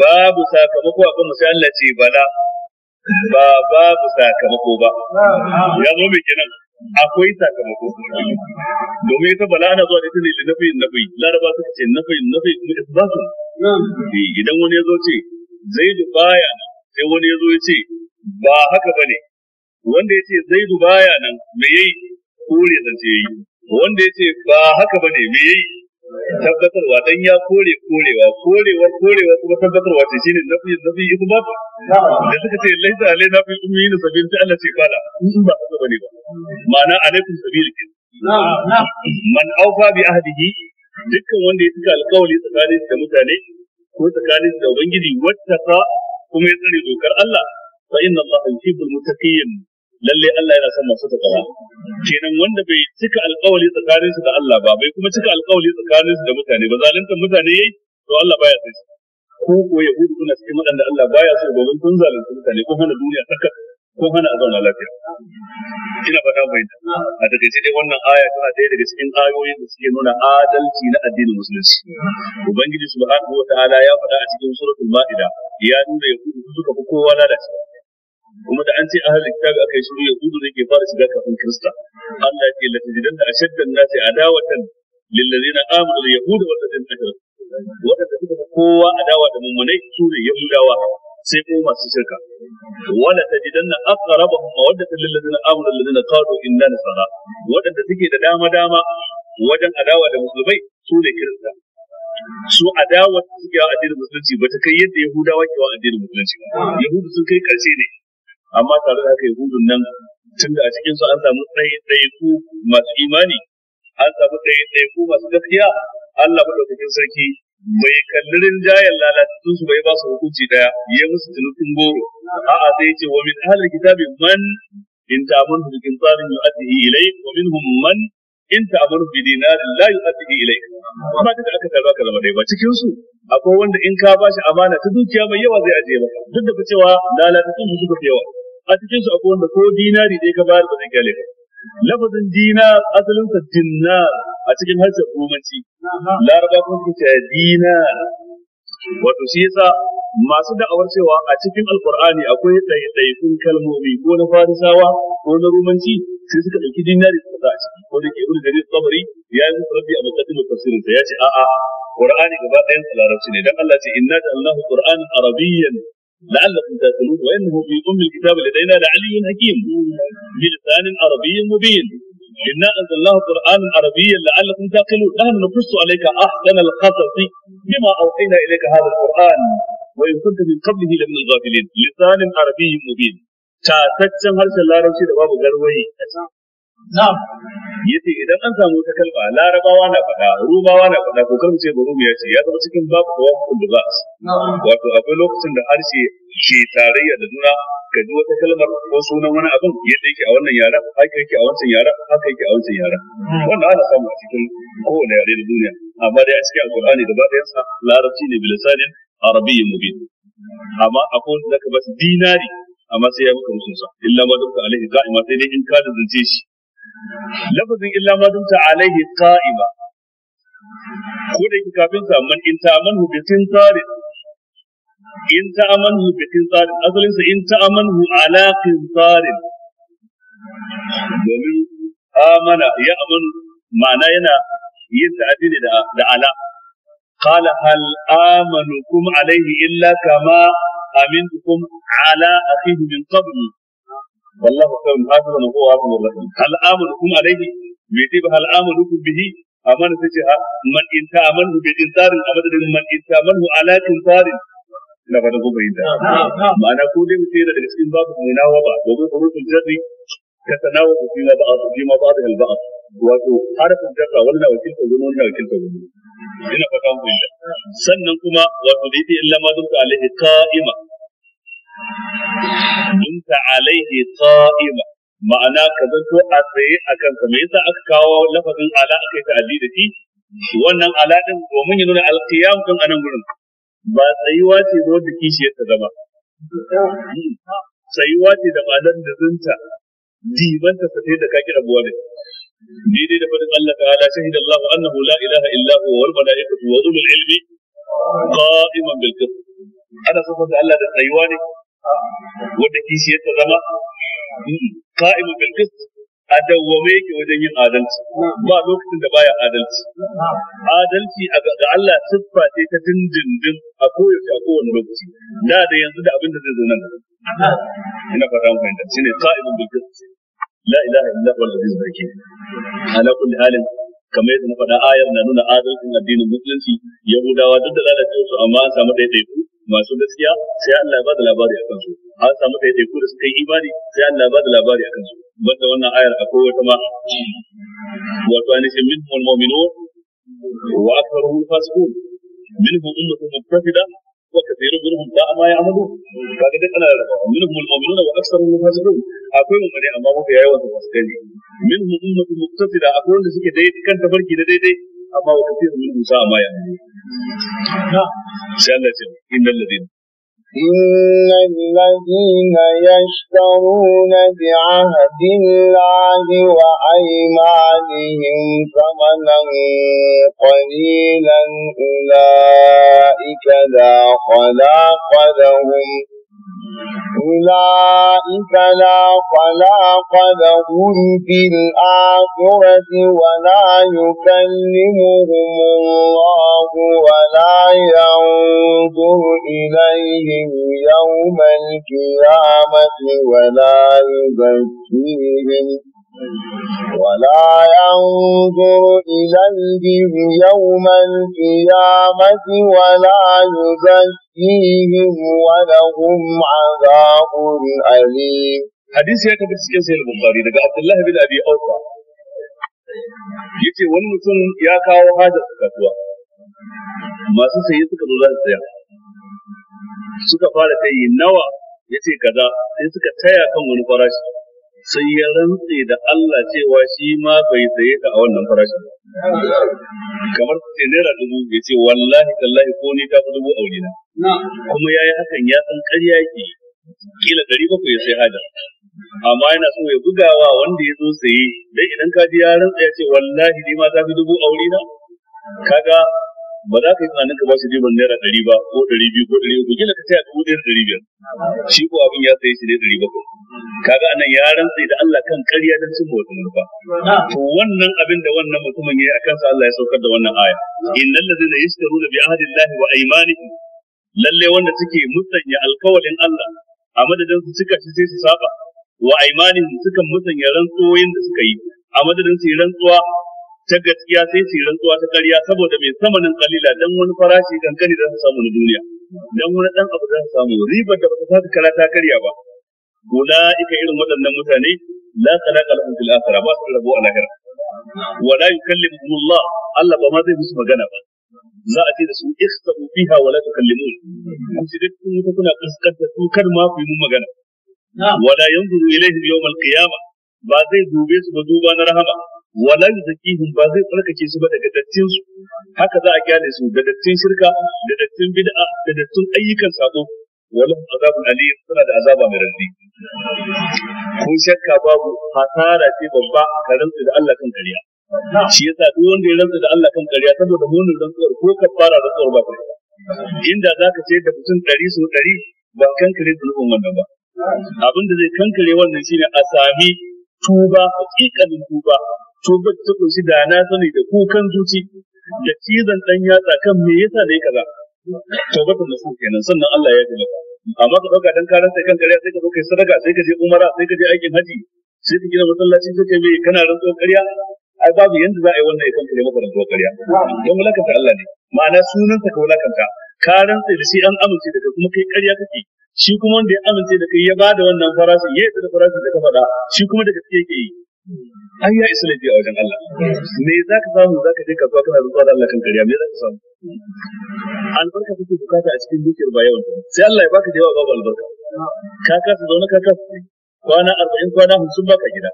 Speaker 2: babu sakamako akan mu sai Allah ce bala ba babu sakamako ba ya zo me kenan akwai sakamako domin ita bala ana zuwa da ita ne da na nafi laraba suka ce nafi nafi isbatu idan wani ya zo ce zaidu baya nan sai wani ya zo ya ce ba haka ba ne wanda ya ce zaidu baya nan me yayi kore zance yi. wanda ya ce ba haka ba ne me yayi tabbatarwa dan ya kore korewa korewar korewa kuma tabbatarwa ce shine nafi nafi iku ba da suka ce laisa alaina fi ummi na sabil ta Allah ce fala in ba haka bane ba ma'ana alaikum sabil kin man aufa bi ahdihi dukkan wanda ya cika alƙawari tsakanin da mutane ko tsakanin da ubangiji wattaka kuma ya tsare dokar Allah fa inna Allah yuhibbul muttaqin lalle Allah yana son masu takawa kenan wanda bai cika alkawali tsakanin da Allah ba bai kuma cika alkawali tsakanin da mutane ba zalunta mutane yayi to Allah baya sai su ko ko yahudu suna cikin waɗanda Allah baya so domin sun zalunta mutane ko hana duniya sakat ko hana a zauna lafiya ina faɗa mai da, a takaice dai wannan aya tana ɗaya daga cikin ayoyin da suke nuna adalci na addinin musulunci ubangiji subhanahu wataala ya faɗa a cikin suratul ma'ida ya nuna yahudu suka fi kowa lalacewa kuma da an ce ahal kitab aka yi shiru yahudu ne ke fara shiga kafin kirista Allah ya ce la tajidan da ashaddan nasi adawatan lil ladina amanu al yahud wa ladina ashraku wadanda suka kowa adawa da mummunai su ne yahudawa sai kuma masu shirka wala tajidanna aqrabahum mawaddatan lil ladina amanu al ladina qalu inna nasara wadanda suke da dama dama wajen adawa da musulmai su ne kirista su adawa suke wa addinin musulunci ba ta kai yadda yahudawa ke wa addinin musulunci yahudu sun kai karshe ne amma tare da haka yahudun nan tun da a cikin su an samu ku masu imani an samu ku masu gaskiya Allah madaukakin sarki bai kalli rinjayen lalatattun su bai ba su hukunci daya ya musu tunutun goro a'a sai ya ce wa min ahli kitabi man in ta'amuru bi qintarin yu'addihi ilai? wa minhum man in ta'amuru bi dinari la yu'addihi ilayk amma da aka tarba kalma dai ba cikin su akwai wanda in ka bashi amana ta dukiya mai yawa zai ajiye maka duk da cewa lalatattun su suka fi yawa a cikin su akwai wanda ko dinari dai ka bayar ba zai gale ba lafazin dinar asalin sa dinna a cikin harshen romanci laraba kuma ce cewa dina. wato shi yasa masu da'awar cewa a cikin alqur'ani akwai ɗaiɗaikun kalmomi ko na farisawa ko na romanci, sai suka ɗauki dinari su sa a ciki ko da ke ibnu jarir ya yi musu rabbi a da tafsirin sa ya ce a'a qur'ani gaba ɗayan larabci ne dan Allah ce inna ja'alnahu qur'anan arabiyyan لعلكم تاكلون وانه في ام الكتاب لدينا لعلي حكيم بلسان عربي مبين انا انزلناه قرانا عربيا لعلكم تأكلون نحن نقص عليك احسن القصص بما اوحينا اليك هذا القران وان كنت من قبله لمن الغافلين لسان عربي مبين تاتتشن هرشن الله رشيد da غروي نعم yace idan an samu wata kalma larabawa na faɗa rumawa na faɗa ko kan ce burumi ya ce ya zama cikin babu kowa kullu ba wato akwai lokacin da harshe ke tarayya da juna ka ji wata kalmar ko sunan wani abin yadda yake a wannan yara haka yake a wancan yara haka yake a wancan yara hmm. wannan ana samu a cikin kowane yare da duniya amma dai a cikin alqur'ani gaba ɗayan yasa larabci ne bilisanin arabiyyin mubin amma akwai wanda ka ba dinari amma sai ya maka musunsa illa ma dukka alaihi qa'ima sai dai in ka da zance shi lafazin illa ma dumta alaihi qa'ima ko da yake kafin sa man in ta'amanhu bi tinsarin in ta'amanhu bi tinsarin asalin sa in ta'amanhu ala tinsarin domin amana ya aman ma'ana yana yin ta'adi ne da ala قال هل آمنكم عليه إلا كما أمنتكم على أخيه min قبل wallahu khairul hafizan huwa arhamur rahim hal amalukum alayhi bi tiba hal amalukum bihi amana sai ce ah, man in ta ta'amanu bi insarin abadin man in ta ta'amanu ala tsarin. na fata ko bai da ma'ana ko dai mutum da daga cikin babu munawa ba domin hurufin jarri ka tanawa ku fina ba'a su jima ba'a da halba'a wato harafin jarra wannan wakilta wani wannan wakilta
Speaker 1: wani ina
Speaker 2: fata mu sannan kuma wato da yake illa ma dukka alaihi qa'ima Inta alaihi qa'ima ma'ana ka zanto a tsaye a kansa me yasa aka kawo lafazin ala aka yi ta'adi da shi wannan ala din domin ya nuna alqiyam din anan gurin ba tsayuwa ce ba wanda kishi ta zama tsayuwa ce da ma'anar da zunta dimanta ta sai da ka kira ne daidai da fadin Allah ta'ala shahida Allah annahu la ilaha illa huwa wal malaikatu wa ulul ilmi qa'iman bil qist ana so da Allah da tsayuwa ne wadda kishiyar ta zama mm, ka'imu bil qist a dawwame yake wajen yin adalci ba lokacin da baya adalci adalci ga Allah siffa ce ta dindindin a koyaushe a kowane lokaci da da yanzu da abin da zai zo nan ina fata mun fahimta shine qa'imu bil la ilaha illa huwa al-aziz al-hakim ala kulli halin kamar yadda na faɗa ayar na nuna adalcin addinin musulunci yahudawa duk da lalacewar su amma an samu ɗaiɗaiku masu gaskiya sai Allah ya bada labari akan su an samu da teku da suka yi imani sai Allah ya bada labari akan su banda wannan ayar akwai wata ma wato min minhum mu'minu wa aktharuhum fasiqun minhum ummatun muqtasida wa kathirun minhum da ma ya'malun kaga duk ana min minhum mu'minu wa aktharuhum fasiqun akwai mun ne amma muka yayi wannan fasikai minhum ummatun muqtasida akwai wanda suke dai kanta barki da daidai amma
Speaker 3: wa kathirun minhum sa'a ma ya'malun
Speaker 1: sai
Speaker 2: Allah
Speaker 3: ce innal ladina إن الذين يشترون بعهد الله وأيمانهم ثمنا قليلا أولئك أولئك لا خلاق لهم في الآخرة ولا يكلمهم الله ولا ينظر إليهم يوم القيامة ولا يزكيهم ولا ينظر إلى إليهم يوم القيامة ولا يزكيهم ولهم عذاب أليم حديث يكتب سياسي البخاري
Speaker 2: لقى عبد الله بن أبي أوفى yace ونمتن ياكا وهذا فكتوا ما kasuwa الله saye suka zo za su saya suka fara tayi nawa yace kaza sai suka taya kan wani farashi sai ya rantse da Allah cewa shi ma bai saye ka a wannan farashin kamar ce naira dubu ya ce wallahi tallahi ko ni ta fi dubu aure na kuma ya yi hakan ya san ƙarya yake kila ɗari bakwai ya sai hajar. amma yana so ya bugawa wanda ya zo saye dan idan ka ji ya rantsa ya ce wallahi ni ma ta fi dubu aure na kaga ba za ka yi tunanin ka ba shi ribar naira ɗari ba ko ɗari biyu ko ɗari uku kila ka saya dubu ɗaya da ɗari biyar shi ko abin ya sayi shi ne ɗari bakwai kaga anan ya rantsa da Allah kan ƙarya da cin wata nufa to wannan abin da wannan mutumin ya yi a kansa Allah ya saukar da wannan aya innal ladina yashtaruna bi ahdillahi wa aymanihim lalle wanda suke musanya alkawalin Allah a madadin su suka shi sai su saba wa aimanin sukan musanya rantsoyin da suka yi a madadin su yi rantsuwa ta gaskiya sai su rantsuwa ta ƙarya saboda mai samanin kalila dan wani farashi kankani da su samu na duniya dan wani dan abu za su samu ribar da ba ta kala ta karya ba ika irin waɗannan mutane la khalaqa lahum fil akhirah ba su rabu a lahira wa la yukallimuhum Allah Allah ba ma zai musu magana ba za a ce da su ikhsa'u fiha wa la tukallimun kun shi duk kun kuna kaskanta su kar ma ku yi mun magana wa la yanzuru ilaihim yawm al-qiyamah ba zai dube su ba duba na rahama wala yuzakihim ba zai tsarkake su ba daga dattin su haka za a kyale su da dattin shirka da dattin bid'a da dattin ayyukan sako wala azabun alim suna da azaba mai raddi ko shakka babu hasara ce babba ka rantsu da Allah kan kariya shi yasa duk wanda ya rantsu da Allah kan kariya saboda munin rantsuwar ko kafara rantsuwar ba
Speaker 1: kai
Speaker 2: inda zaka ce da mutum 100 su 100 ba kankare zulubin wannan ba abin da zai kankare wannan shine a sami tuba hakikanin tuba ba ta kunshi da na sani da kukan zuci da cizon dan yatsa kan me yasa ne kaza ta nasu kenan sannan Allah ya tabbata amma ka dauka dan karanta kan kariya sai ka zo kai sadaka sai ka je umara sai ka je aikin haji sai ka gina masallaci sai ka mai kana rantso kariya ai babu yanda za a yi wannan ya kare ne maka rantso kariya don ta Allah ne ma'ana sunansa ka mulakanta ka rantsa da shi an amince da kai kuma kai kariya kake shi kuma wanda ya amince da kai ya bada wannan farashin ya yi da farashin da ka faɗa shi kuma da gaske yake yi An ya isa lafiya wajen Allah me za ka samu za ka je kasuwa kana rutsuwa da Allah kan kariya me za ka samu albarka kake bukata a cikin dukiyar ba yawan sai Allah ya baka da yawa babu albarka ka kasa zaune ka kasa kwana arba'in kwana hamsin baka gida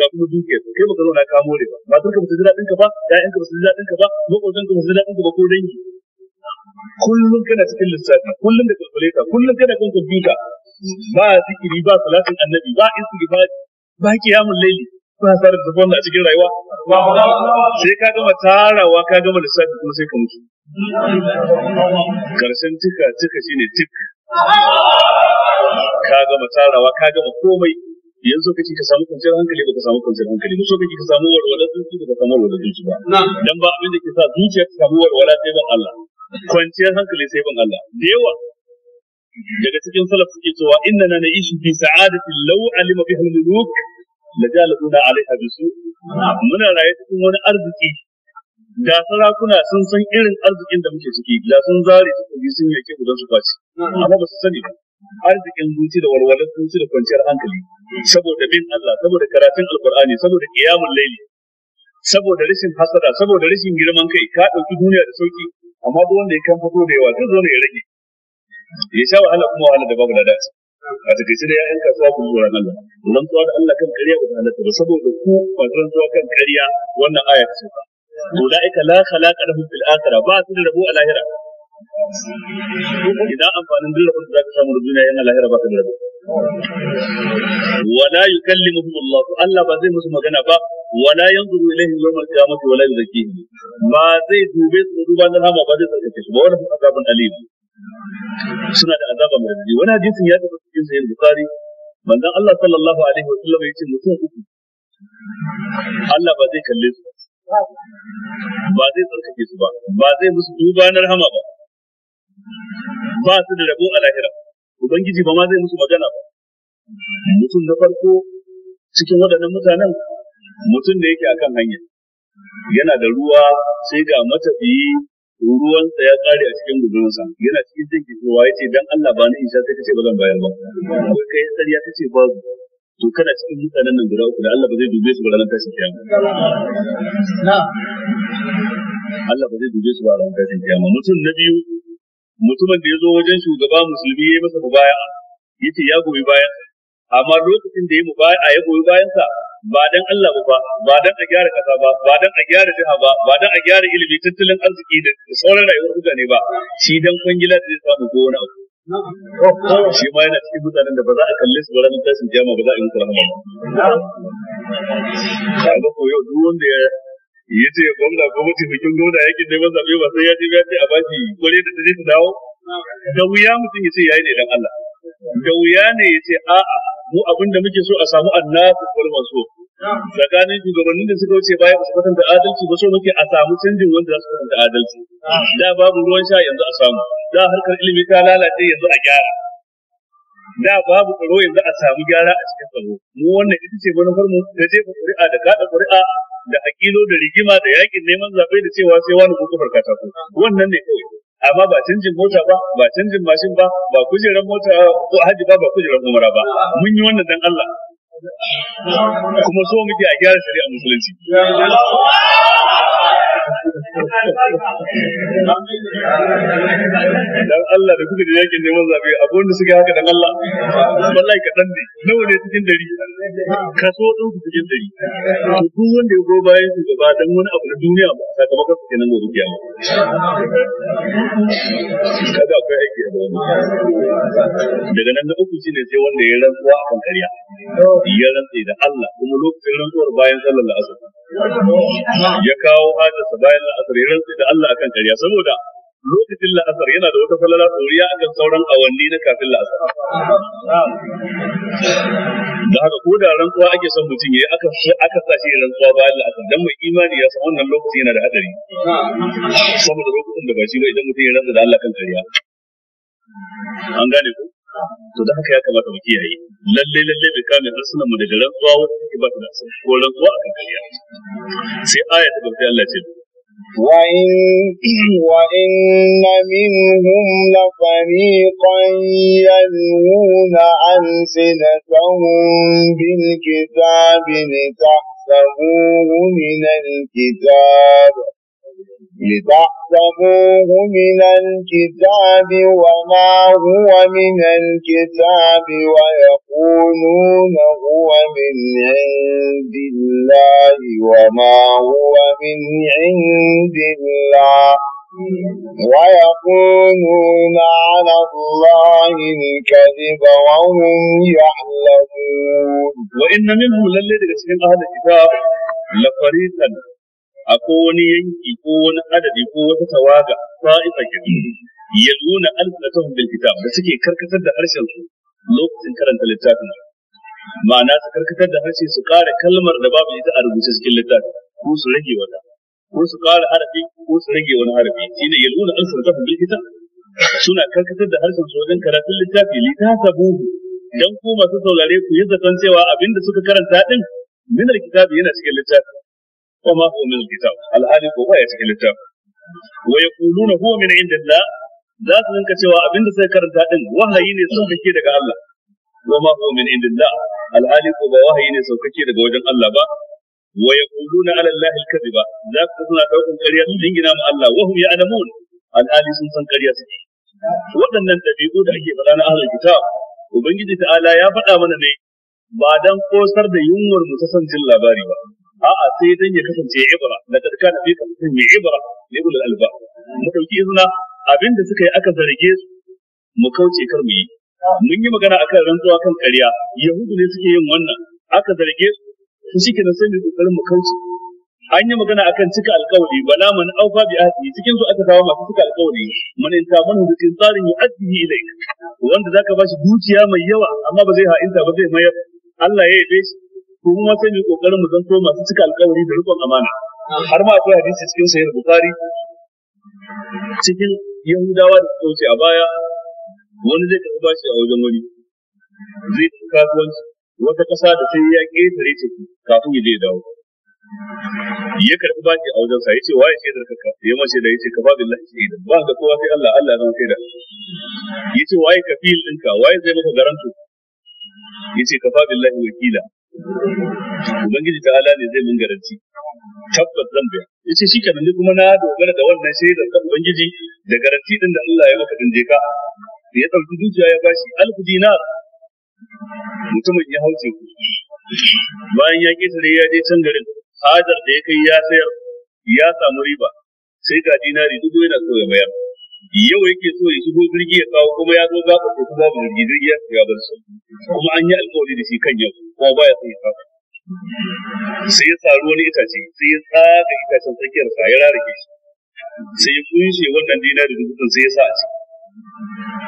Speaker 2: ga kuma dukiyar kai baka zauna ka more ba matar ka ba ta ji daɗin ka ba ƴaƴan ka ba su ji daɗin ka ba maƙotan ka ba su ji daɗin ka ba ko dangi kullum kana cikin lissafi kullum da kalkuleta kullum kana kan kwamfuta ba zikiri ba salatin annabi ba istighfar ba kiyamul laili ba sa da tafi wannan a cikin rayuwa sai ka gama tarawa ka gama lissafi kuma sai ka mutu karshen tika shi ne tik ka gama tarawa ka gama komai yanzu kake ka samu kwanciyar hankali ba ka samu kwanciyar hankali ba so kake ka samu walwala zuci ba ka samu walwala zuci ba dan ba abin da ke sa zuciya ta samu walwala sai ban Allah kwanciyar hankali sai ban Allah da yawa daga cikin salaf suke cewa inna na na'ishu fi sa'adatin law alima bihal muluk la jaluna alaiha bisu muna raye cikin wani arziki da sarakuna sun san irin arzikin da muke ciki da sun zare su kuji sun yake ku su kwaci amma ba su sani ba arzikin zuci da walwalar zuci da kwanciyar hankali saboda bin Allah saboda karatun alkur'ani saboda qiyamul layli saboda rashin hasada saboda rashin girman kai ka dauki duniya da sauki amma duk wanda ya kan fito da yawa zai zo ne ya rage ya sha wahala kuma wahala da babu ladansa a takaice da ya'yan kasuwa ku zuwa nan da zuwa da Allah kan kariya ba ta halatta ba saboda ku ba zuwa kan kariya wannan aya ce ba ulaika la khalaqa lahum fil akhirah ba su da rabo a lahira idan amfanin duk rabon za zaka samu da duniya yana lahira ba ka da rabo wala yukallimuhum Allah Allah ba zai musu magana ba wala yanzuru ilaihim yawm al-qiyamati wala yuzakkihim ba zai dube su duba na rama ba zai tsarkake shi ba wannan azabun alim suna da azaba mai rabi wani hadisin ya tafi cikin sahih bukhari manzon Allah sallallahu alaihi wa sallam yace mutum uku Allah ba zai kalle su ba zai tsarkake su ba ba zai musu duba na rahama ba ba su da rabo a lahira ubangiji ba ma zai musu magana ba
Speaker 1: mutum na farko cikin waɗannan
Speaker 2: mutanen mutum da yake akan hanya yana da ruwa sai ga matafiyi ruwansa ya kare a cikin gudunsa yana cikin jirgin ruwa ya ce dan Allah ba ni in sha sai kace ba zan bayar ba kai kai ta kace ba to kana cikin mutanen nan guda uku da Allah ba zai dube su ba ranar tashin kiyama Allah ba zai dube su ba ranar tashin kiyama mutum na biyu mutumin da ya zo wajen shugaba musulmi ya yi masa mubaya yace ya goyi bayan amma lokacin da ya mubaya ya goyi bayan sa ba dan Allah ba ba dan a gyara kasa ba ba dan a gyara jiha ba ba dan a gyara ilimi tattalin arziki da sauran rayuwar mutane ba shi dan kwangila da zai samu gona abu shi ma yana cikin mutanen da ba za a kalle su ba ranar tashin jama ba za a yi musu rahama ba ga ko yau duk wanda ya ya ce gwamna ko mataimakin gwamna yakin neman zaɓe ba sai ya ce ya ce a baki kware da ta je ta dawo da wuya mutum ya ce ya yi ne dan Allah da wuya ne ya ce a'a mu abin da muke so a samu annabi wal so. tsakanin shugabannin da suka wuce baya su kwatanta adalci ba so muke a samu canjin wanda za su kwatanta adalci da babu ruwan sha yanzu a samu da harkar ilimi ta lalace yanzu a gyara da babu tsaro yanzu a samu gyara a cikin tsaro mu wannan ita ce manufar mu da jefa ƙuri'a da kaɗa ƙuri'a da hakilo da rigima da yakin neman zaɓe da cewa sai wani ko kafar katako wannan ne kawai amma ba canjin mota ba ba canjin mashin ba ba kujerar mota ko haji ba ba kujerar umara ba mun yi wannan dan Allah kuma so muke a gyara shari'a musulunci dan Allah da kuka da yakin neman zabe abu wanda suke haka dan Allah wallahi dan ne nawa ne cikin dari kaso dan ku cikin dari to duk wanda ya go bayan su gaba dan wani abu na duniya ba sakamakon su kenan gobe kiyama
Speaker 1: Kada akwai aiki da wani
Speaker 2: daga nan na uku shine sai wanda ya rantsuwa a kan kariya ya rantsi da Allah kuma lokacin rantsuwar bayan sallar asar ya kawo hajji sallarsa bayan la'asar ya rantsu da Allah akan karya, saboda lokacin la'asar yana da wata falala tsoriya a kan sauran awanni na kafin la'asar. Da haka ko da rantsuwa ake son mutum ya aka aka sa shi rantsuwa bayan la'asar dan mai imani ya san wannan lokaci yana da hadari. Saboda lokacin da ba shi ba idan mutum ya rantsa da Allah kan kariya. An gane ku? to da haka ya kamata mu kiyaye lalle lalle bai kame harsunan mu daga rantsuwa wata take ba ta da asali ko rantsuwa a kariya sai aya ta gaba Allah ce
Speaker 3: وإن, وإن منهم لفريقا يلوون ألسنتهم بالكتاب لتحسبوه من الكتاب لتحسبوه من الكتاب وما هو من الكتاب ويقولون هو من عند الله وما هو من عند الله ويقولون على الله الكذب وهم يعلمون وإن منهم للذي يسجد
Speaker 2: أهل الكتاب لفريقا A ko wani yanki ko wani adadi ko wata tawaga ta'ifa ya yaluna alfatahum bil kitab da suke karkatar da harshen su lokacin karanta littafin ma'ana su karkatar da harshe su kara kalmar da babu ita a rubuce cikin littafin ko su rage wata ko su kara harafi ko su rage wani harafi shine yaluna alfatahum bil kitab suna karkatar da harshen su wajen karatun littafi litasabuhu dan ku masu saurare ku yi zaton cewa abinda suka karanta din min alkitabi yana cikin littafi وما هو من الكتاب الحالي هو يا cikin littafin ويقولون هو من عند الله za su rinka cewa abinda da karanta din wahayi ne saukake daga Allah wama huwa min indillah alhali ko ba wahayi ne saukake daga wajen Allah ba wa yaquluna ala Allah alkadiba za ku suna daukan ƙarya su dingina ma Allah wa hum ya'lamun alhali sun san ƙarya suke waɗannan dabi'u da ake faɗa na ahlul kitab ubangiji ta'ala ya faɗa mana ne ba dan ƙosar da yunwar mu ta jin labari ba a'a sai dan ya kasance ibra la kad kana fi mai ibra ne ulil alba mu dauki abinda suka yi aka zarge su mu kauce kar mu yi mun yi magana akan rantsuwa kan ƙarya yahudu ne suke yin wannan aka zarge su su shike na sai mu mu kauce an yi magana akan cika alƙawari bala man aufa bi ahdi cikin su aka kawo masu cika alƙawari mun in da cikin tsarin yu'addihi ilayk wanda zaka bashi dukiya mai yawa amma ba zai ha'inta ba zai mayar Allah ya yabe shi ko kuma sai mu kokarin mu zanto masu cika alƙawari da riƙon amana har ma akwai hadisi cikin sahih bukhari cikin yahudawa da suka ce a baya wani zai karɓi bashi a wajen wani zai tafi kasuwanci wata ƙasa da sai ya ƙetare ce kafin ya je dawo ya karɓi bashi a wajen sa ya ce waye shaidar ka ya mace da ya ce ka fadin lahi shaida ba ga kowa sai Allah Allah zan shaida ya ce waye kafil ɗinka waye zai maka garanto ya ce ka fadin lahi wakila ubangiji ta ala ne zai mun garanti tabbas zan biya shi shikenan ni kuma na dogara da wannan shaidar ta ubangiji da garanti din da Allah ya maka din je ka ya dauki dukiya ya bashi alfu
Speaker 1: mutumin ya hauce ku
Speaker 2: bayan ya da ya je can garin hajar da ya kai ya sayar ya samu riba sai ga dinari dubu yana so ya bayar yau yake so ya shigo jirgi ya kawo kuma ya zo gaba ko kuma ba jirgi jirgi ya tafi gaban su kuma an yi alƙawari da shi kan yau kuma ba son ya saba sai ya tsaro wani itace sai ya tsaka itacen tsakiyar sa ya rarrake shi sai ya kunshe wannan dina da dubu sai ya sa a ciki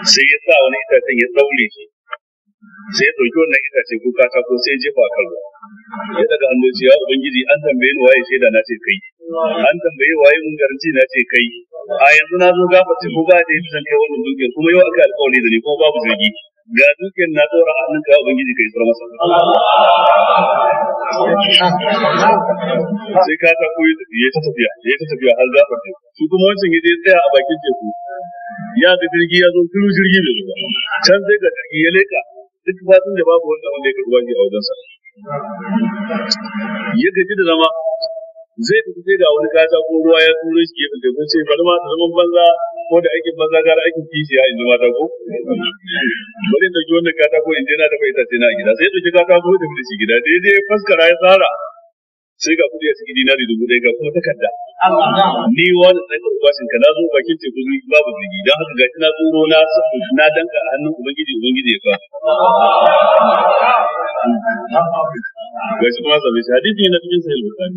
Speaker 2: sai ya sa wani itacen ya daure shi sai ya ɗauki wannan itace ko katako sai ya jefa a kan ruwa ya daga hannu ya ubangiji an tambaye ni waye shaida na ce kai an tambayi waye mun garanci na ce kai a yanzu na zo gafarci ko ba da yadda kai wannan dukiyar kuma yau aka alƙawari da ni ko babu zargi ga dukiyar na tsoron a hannun ka ubangiji kai tsoron masa sai ka ta koyi ya ta tafiya ya ta tafiya har gafarci su kuma wancan ya je tsaya a bakin teku ya ga jirgi ya zo turu jirgi da zuwa can zai ga jirgi ya leka duk fatin da babu wanda wanda ya karɓa shi a wajensa ya gaji da zama zai tafi zai wani kasa ko ruwa ya turo shi da gefe ce bari ma zaman banza ko da aikin banza gara aikin kishi ya inda mata ko bari da dauki wannan gata ko yana da bai ta itace na gida sai ya dauki gata ko da shi gida daidai faskara ya tsara sai ga kudi a cikin dinari dubu ɗaya ga kuma takarda ni wani ɗan kwashin ka na zo bakin teku zuwa babu jirgi don haka gashi na tsoro na na danka a hannun ubangiji ubangiji ya fa gashi kuma sabi shi hadisi na cikin sahih bukhari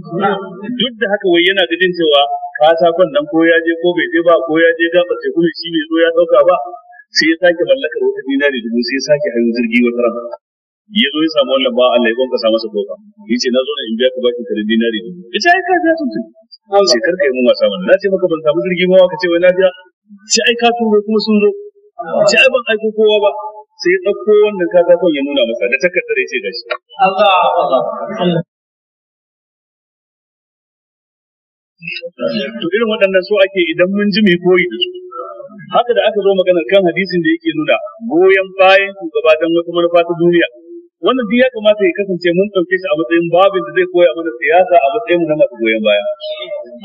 Speaker 2: duk da haka wai yana gidin cewa katakon nan ko ya je ko bai je ba ko ya je gaba teku ne shi bai zo ya ɗauka ba sai ya sake mallakar wata dinari dubu sai ya sake hannun jirgi wata rana ya zo ya samu wannan ba Allah ya gonka masa doka Ni ce na zo na in biya ka baki ka da dinari ne ya ce ai ka biya sun ce kar ka yi mun wasa mana na ce maka ban samu jirgin ruwa ka ce wai na biya ce ai ka turo kuma sun zo ce ai ban aiko kowa ba
Speaker 1: sai ya ɗauko wannan katakon ya nuna masa da takardar ya ce gashi Allah Allah to irin waɗannan so ake
Speaker 2: idan mun ji mai koyi da su haka da aka zo maganar kan hadisin da yake nuna goyon bayan shugaba don wata manufa ta duniya wannan duk ya kamata ya kasance mun ɗauke shi a matsayin babin da zai koya mana siyasa a matsayin mu na masu goyon baya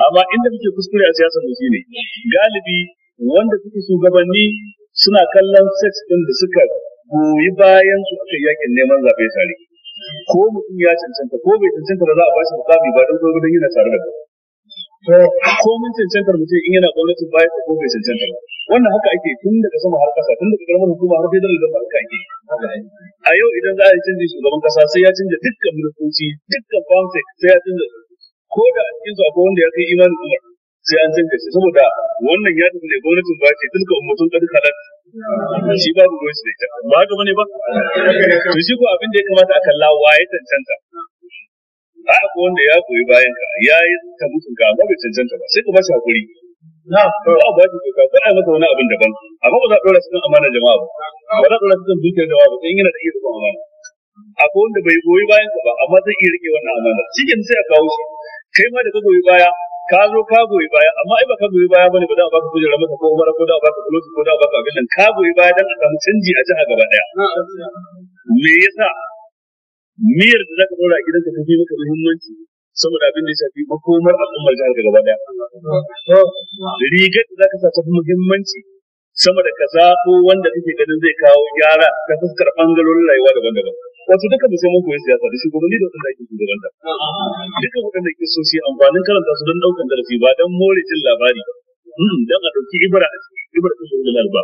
Speaker 2: amma inda muke kuskure a siyasar mu shine galibi wanda suke shugabanni suna kallon sex ɗin da suka goyi bayan su aka yakin neman zaɓe sare. ko mutum ya cancanta ko bai cancanta ba za a bashi mukami ba don gwagwadon yana tare da ku to eh, ko mun cancantar mutum in yana gwamnatin baya ta ko bai cancanta ba wannan haka ake tun daga sama har kasa tun daga karamar hukuma har federal da haka ake a yau idan za a yi canji shugaban kasa sai ya canja dukkan ministoci dukkan bamsek sai ya canja ko da a cikin su akwai wanda ya kai imanin umar sai an canja shi saboda wannan ya tafi ne gwamnatin baya ce dukkan mutum ɗan kalan shi babu ruwan shi da ita ba haka bane ba to shi ko abin da ya kamata a kalla waye cancanta a ko wanda ya koyi bayan ka ya yi ta musu ga amma bai cancanta ba sai ku ba shi hakuri na ba a ba shi doka ko ai masa wani abin daban amma ba za a dora su kan amana jama'a ba ba za a dora su kan dukiyar jama'a ba sai yana da iya rikon amana akwai wanda bai goyi bayan ka ba amma zai iya rike wannan amana Cikin sai a kawo shi kai ma da ka goyi baya ka zo ka goyi baya amma ai ba ka goyi baya bane ba za a baka kujera masa ko umara ko da a baka kuloti ko da a baka abin nan? ka goyi baya dan a samu canji a jiha gaba daya me yasa niyyar da zaka dora a gidanka ta fi maka muhimmanci sama da abin da ya shafi makomar al'ummar jihar ga gaba
Speaker 1: daya
Speaker 2: rigar da zaka sa ta fi muhimmanci sama da ka zaɓo wanda kake ganin zai kawo gyara ta fuskar bangarorin rayuwa daban-daban wato duka da sai mun koyi siyasa da shugabanni da wanda ake shugabanta duka waɗanda ke so su yi amfanin karanta su don ɗaukar darasi ba don more jin labari hmm, don a ɗauki ibra a ciki ibra ta shugaban ba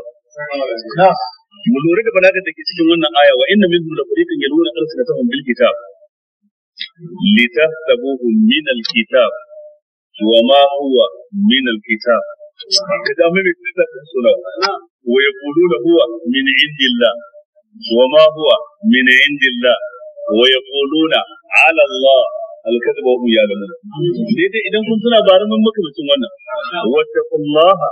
Speaker 2: mu lura da balagar da ke cikin wannan aya wa inna minhum la fariqan yaluna alsinatahum bil kitab litahsabuhu min al kitab wa ma huwa min al kitab kada mai mai tsada da sura wa yaquluna huwa min indillah wa ma huwa min indillah wa yaquluna ala allah alkadaba wa ya lamu idan kun tuna barin mun muka mutum wannan wattaqullaha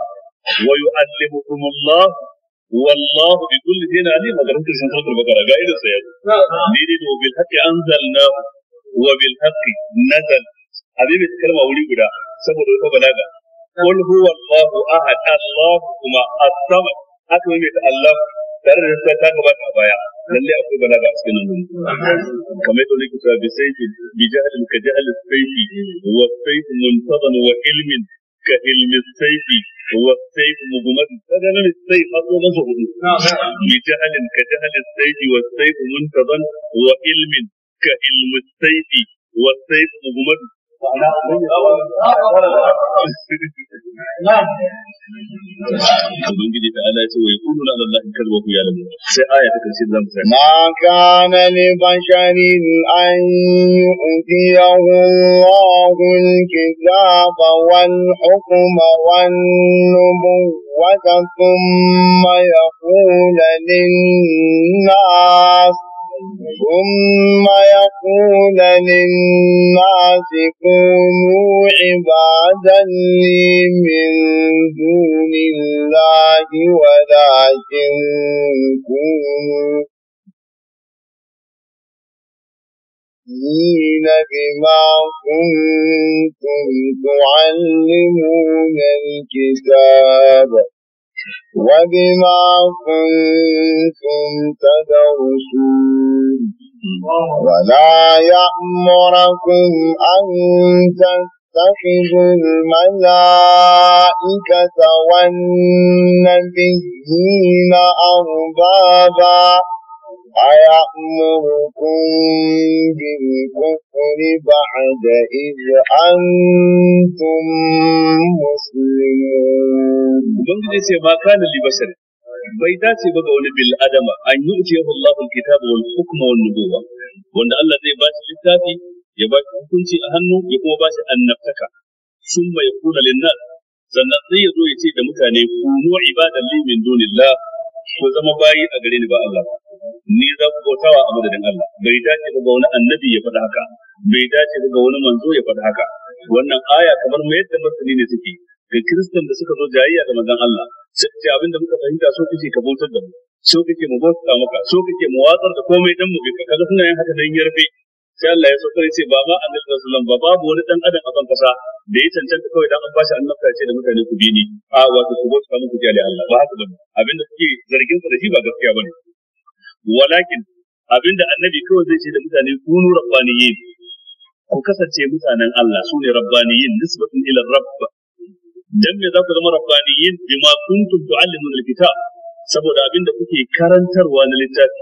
Speaker 2: والله بكل دين عليم هذا ممكن يكون سوره البقره قايل السيد دين وبالحق انزلناه وبالحق نزل حبيب الكلمه اولي بلا سبب ولا بلاغه قل هو الله احد الله ثم الصمد حتى يميت الله ترى الرسالة كبار أبايا للي أقول بلا بأس كنا نقول كما يقول لك سيد بجهل كجهل السيف والسيف منتظم وعلم كهلم السيف والسيف مضمد هذا السيف أصلا مضمد بجهل كجهل السيف والسيف منتظا وعلم كعلم السيف والسيف مضمد ubangiji ta ala ce wai kullu ala allahi kalba ku yalamu sai aya ta karshe zamu sai
Speaker 3: ma kana li basharin an yu'tiyahu allahu alkitaba wal hukma wan nubuwwata thumma yaqulu lin nas ثم يقول للناس كونوا عبادا لي من دون
Speaker 1: الله ولكن كونوا دين
Speaker 3: بما كنتم تعلمون الكتاب وبما كنتم تدرسون ولا يأمركم أن تتخذوا الملائكة والنبيين أربابا أيأمركم بالكفر
Speaker 2: بعد إذ أنتم مسلمون ما كان لبشر bai dace ba ga wani bil adama an yi uce yahu Allah kitaba wal hukma wal nubuwa wanda Allah zai ba shi littafi ya ba shi hukunci a hannu ya kuma ba shi annabtaka sun mai kuna linnas sannan zai zo ya ce da mutane kunu ibadan li min dunillah ku zama bayi a gare ni ba Allah ni za ku bautawa a madadin Allah bai dace ga wani annabi ya faɗa haka bai dace ga wani manzo ya faɗa haka wannan aya kamar mai yadda masani ne suke ga kristan da suka zo jayayya da manzon Allah sai ce abinda muka fahimta so kake ka bautar da mu so kake mu bauta maka so kake mu watsar da komai dan mu bi Ka suna yin haka dan yarfe sai Allah ya saukar ce ba ma annabi sallallahu ba babu wani dan adam a kan kasa da ya cancanta kawai dan an bashi annabta ce da mutane ku bi ni a wato ku bauta muku jali Allah ba haka bane abinda kuke zargin sa da shi ba gaskiya bane walakin abinda annabi kawai zai ce da mutane kunu rabbaniyin ku kasance mutanen Allah su ne rabbaniyin nisbatun ila rabb dan me za ku zama rabbaniyin bima kuntum tu'allimuna alkitab saboda abinda kuke karantarwa na littafi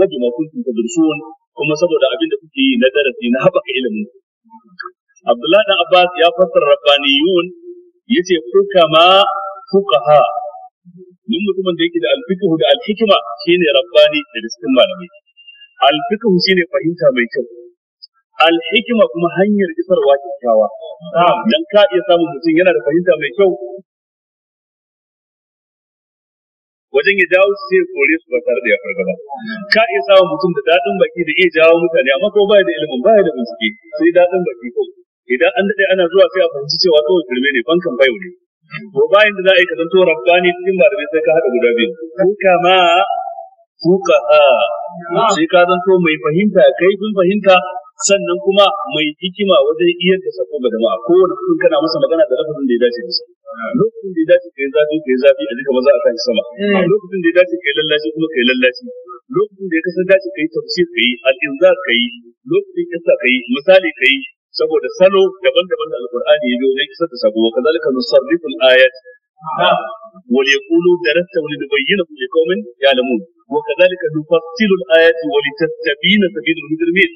Speaker 2: wajima kuntum tadrusun kuma saboda abin da kuke yi na darasi na haɓaka ilimin Abdullahi dan Abbas ya fassara rabbaniyun yace hukama fuqaha min mutumin da yake da alfiqhu da alhikima shine rabbani da cikin malamai alfiqhu shine fahimta mai kyau alhikima kuma hanyar isarwa kyakkyawa dan ka iya samun mutum yana da fahimta mai kyau wajen ya jawo su sai kore su ba tare da ya farga ka iya samun mutum da daɗin baki da iya jawo mutane amma ko baya da ilimin baya da bincike sai daɗin baki ko idan an daɗe ana zuwa sai a fahimci cewa kawai firme ne bankan bayo ne ko bayan da za a yi kazanto rabbani cikin malamai sai ka haɗa guda biyu ko kama fuka a sai ka zanto mai fahimta kai fahimta sannan kuma mai hikima wajen iya ta sako ga jama'a kowane kun kana masa magana da lafazin da ya dace da lokacin da ya dace kai zafi kai zafi a duka maza a kan sama hmm. lokacin da ya dace kai lallashi kuma kai lallashi lokacin da ya kasance dace kai tafsir kai za ka kai lokacin kisa kai misali kai saboda salo daban-daban da alqur'ani ya yi wajen kisar da sabo kazalika nusarrifu al-ayat hmm. wa yaqulu darasta wa lidubayyinahu liqaumin ya'lamun وكذلك نفصل الآيات ولتستبين سبيل المجرمين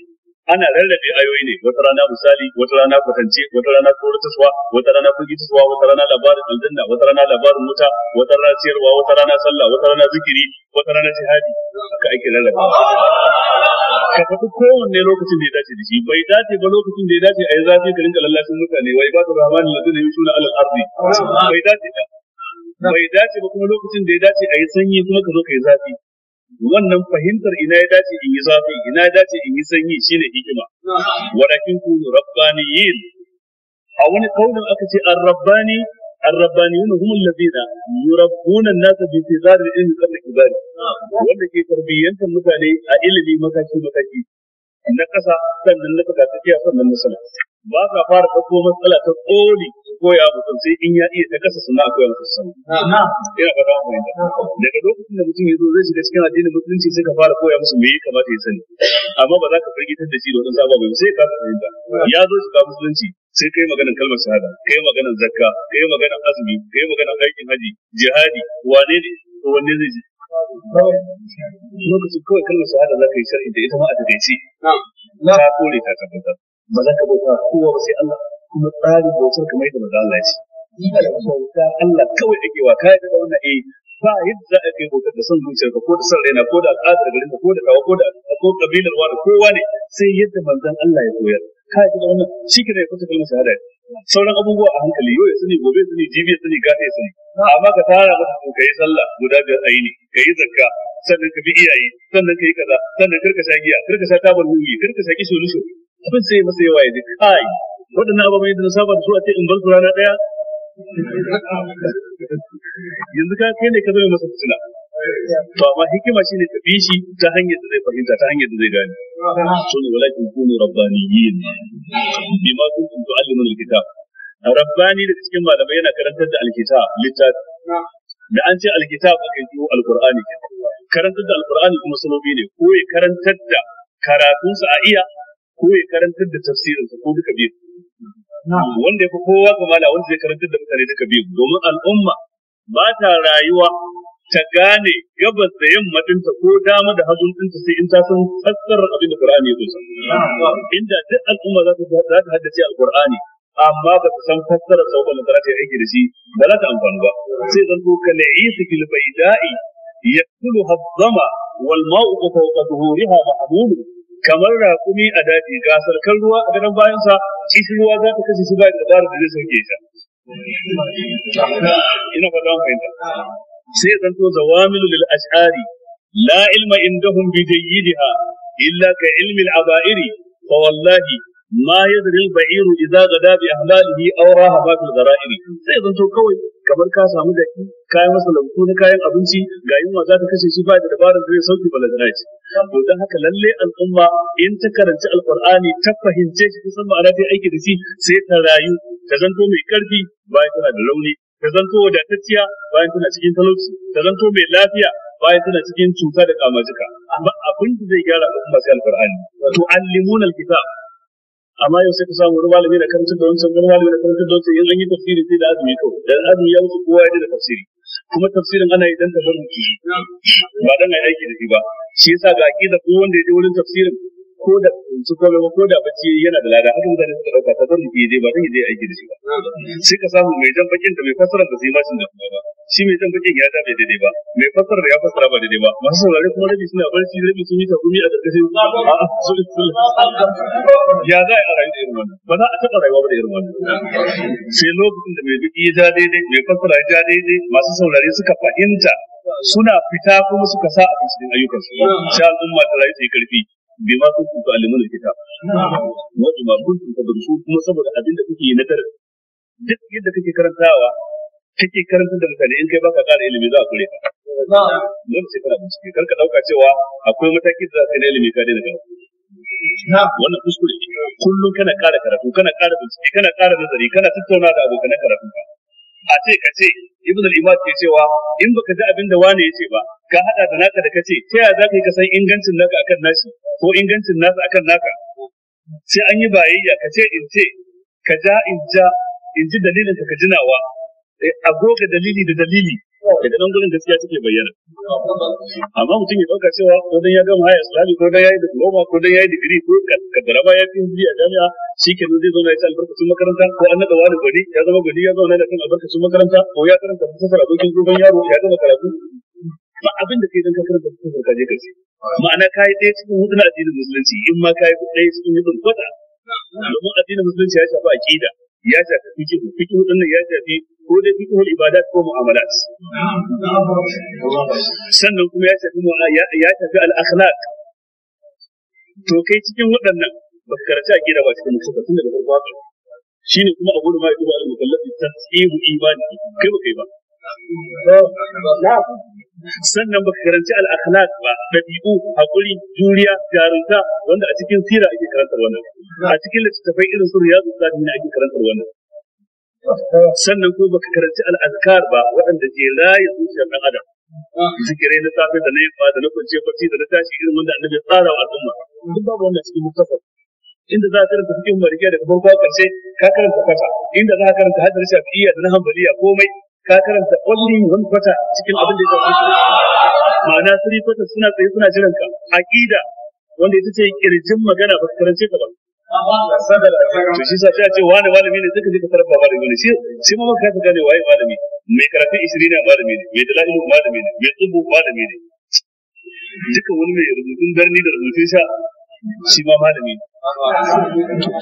Speaker 2: ana rarrabe ayoyi ne wata rana misali wata rana kwatance wata rana tsoratarwa wata rana firgitarwa wata rana labarin aljanna wata rana labarin wuta wata rana ciyarwa wata rana sallah wata rana wata rana jihadi haka ake rarrabe ka kowanne lokacin da ya dace da shi bai dace ba lokacin da ya dace a yi zafi ka rinka lallashin mutane wai ba ta rahmanin lazina yi suna alal arzi bai dace ba bai dace ba kuma lokacin da ya dace a yi sanyi kuma ka zo ka yi zafi wannan fahimtar ina ya dace in yi zafi ina ya dace in yi sanyi shine hikima walakin kunu rabbaniyin a wani kaunin aka ce ar-rabbani الربانيون هم nasa يربون الناس بانتظار العلم قبل كباره wanda ke tarbiyyantar mutane a ilimi makashi-makashi. na ƙasa sannan na fuka tafiya sannan na sama ba ka fara ɗauko matsala ta ƙoli ya abu sai in ya iya ta ƙasa sannan akwai wata sama ina ba za mu daga lokacin da mutum ya zo zai shiga cikin addinin musulunci sai ka fara koya musu me ya kamata ya sani amma ba za ka firgitar da shi da wadansu ababai sai ka fahimta ya zo shiga musulunci sai kai maganar kalmar shahada kai maganar zakka kai maganar azumi kai maganar aikin haji jihadi wane ne ko wanne zai lokacin kawai kallon su hada za ka yi sharhi da ita ma a takaice ka kore ta tabbatar ba za ka bauta kowa ba sai Allah kuma tsarin bautar kamar yadda maza Allah ce bauta Allah kawai ake wa kai da wannan eh ba yadda za a kai bautar da son zuciyarka ko da son raina ko da al'adar garin ka, ko da kawa, ko da ko kabilar wani kowa ne sai yadda manzon Allah ya koyar ka ji da wannan shi ke zai kusa kalmar shahada sauran abubuwa a hankali yau ya sani gobe ya sani jibi ya sani gata ya sani amma ka tara masa ka yi sallah guda biyar a yini yi zakka sannan ka bi iyaye sannan ka yi kaza sannan karka sha giya karka sha tabar wuyi karka sha kiso niso abin sai masa yawa ya ji kai waɗannan ababen yadda na saba da su a ce in bar su rana ɗaya yanzu ka kai ne ka zama masa fitina to amma hikima shine ka bi shi ta hanyar da zai fahimta ta hanyar da zai gane to ne walakin kunu rabbaniyin bima kuntum tu'allimuna alkitab rabbani da cikin malamai yana karantar da alkitab littafi da an ce alkitab aka yi alqur'ani karantar da alqur'ani kuma sanobi ne ko ya karantar da karatunsa a iya ko ya karantar da tafsirinsa ko duka biyu wanda ya fi kowa kamala wanda zai karantar da mutane duka biyu domin al'umma ba ta rayuwa ta gane gabas da yamma dinta ko dama da hagun dinta sai in ta san tsakkar abin da Qur'ani ya kusa inda duk al'umma za ta za ta haddace al-Qur'ani amma ba ta san fassarar sau da za ta yi aiki da shi ba za ta amfani ba sai zan to ka la'isi fil baida'i yakuluha dhama wal ma'u fawqa zuhuriha mahmud kamar raƙumi a daji ga sarkar ruwa a gidan bayansa kishin ruwa za ta kashe shi ba da dabarar da zai sauke shi ina fata fahimta sai zanto zawamilu lil ash'ari la ilma indahum bi jayyidiha illa ka ilmi al abairi fa wallahi ma yadri al ba'iru idza gada bi ahlalihi aw raha ba fil zara'iri sai zanto kawai kamar ka samu da kayan masalamtu na kayan abinci ga yunwa za ta kashe shi ba da dabarar da zai sauki balagana to dan haka lalle al'umma in ta karanci alqur'ani ta fahimce shi kusan ma'ana ta aiki da shi sai ta rayu ta zanto mai karfi bayan tana da rauni ta zanto wadatacciya bayan tana cikin talauci ta zanto mai lafiya bayan tana cikin cuta da kamajika amma abin da zai gyara al'umma sai alqur'ani to allimun alkitab amma yau sai ka samu wani malami da karantar da wancan wani malami da karantar da wancan yanzu an yi tafsiri sai da azumi kawai dan azumi ya wuce kowa ya da tafsiri kuma tafsirin ana yi dan tafarruki ba dan ai aiki da shi ba shi yasa ga aqida ko wanda ya je wurin tafsirin ko da su kome ko da bacci yana da lada haka mutane suka dauka ta zarri je ba zai je aiki da shi ba sai ka samu mai jan bakin da mai fassara da sai mashin da kuma ba shi mai jan bakin ya bai daidai ba mai fassara da ya fassara ba daidai ba masu saurare kuma rabi suna barci rabi sun yi takumi a ƙarƙashin. karkashin ya za a rayu da irin wannan ba za a taɓa rayuwa ba da irin wannan sai lokacin da mai biki ya ja daidai mai fassara ya ja daidai masu saurare suka fahimta suna fita kuma suka sa a cikin ayyukansu sai al'umma ta rayu ta yi karfi bima kuntum tu'allimuna kitab wa bima kuntum su kuma saboda abin da kuke yi na karin duk yadda kake karantawa kake karanta da mutane in kai baka ƙara ilimi za a kure ka lokaci kana bincike kar ka dauka cewa akwai matakin da za ka ilimi ka daina karatu wannan kuskure kullum kana ƙara karatu kana ƙara bincike kana ƙara nazari kana tattauna da abokan karatu ka a ce ka ce ibn al-imam ke cewa in baka ji abin da wani yace ba ka hada da naka da kace ta yaya zaka yi ka san ingancin naka akan nashi ko ingancin nasa akan naka sai an yi bayayya ka ce in ce ka ja in ja in ji dalilin ka ji jinawa eh, a goge dalili da dalili daga nan gurin gaskiya take bayyana amma mutum ya dauka cewa ko dan ya gama haya islami ko dan yayi diploma ko dan yayi degree ko kaddara ya ya fin a jami'a shi shikenan zai zauna ya ci albarkacin makaranta ko an nada wani gwani ya zama gwani ya zauna da kan albarkacin makaranta ko ya karanta fasasar abokin dogon yaro ya gama karatu ba abin da ke dan ka karanta fasasar ka je kace ma'ana kai ɗaya cikin hudu na addinin musulunci in ma kai ɗaya cikin hudun kwata domin addinin musulunci ya shafi aqida ya shafi fikihu fikihu din nan ya shafi ko dai fikihul ibadat ko mu'amalat sannan kuma ya shafi ya shafi al akhlaq to kai cikin waɗannan ba ka karanta akida ba cikin musu tun daga farko shine kuma abu da ma ya duba al mukallafi tasihu ibadi kai ba kai ba sannan baka karanci al-akhlaq ba dabi'u hakuri juriya jarunta wanda a cikin sira ake karantar wannan a cikin littattafai irin su riyadu ne ake karantar wannan sannan ko baka karanci al-azkar ba waɗanda ke raye zuciyar dan adam zikirai na safe da na yamma da na kwanciya bacci da na tashi irin wanda annabi tsara wa al'umma duk babu wannan cikin muktasar inda za ka karanta cikin marikiya daga farko a ƙarshe ka karanta kasa inda za ka karanta hadar shafi'iyya da na hanbaliya komai ka karanta only one quarter cikin abin da ya shafi ma'ana three quarter suna tsaye suna jiran ka aqida wanda ita ce kirjin magana ba karance ka ba to shi sa sai a ce wani malami ne duka duka tarar ba malami ne shi ma ka ta gane waye malami mai karatun ne malami ne mai dalilu malami ne mai tsubu malami ne duka wani mai rubutun garni da rubutun sha shi ma malami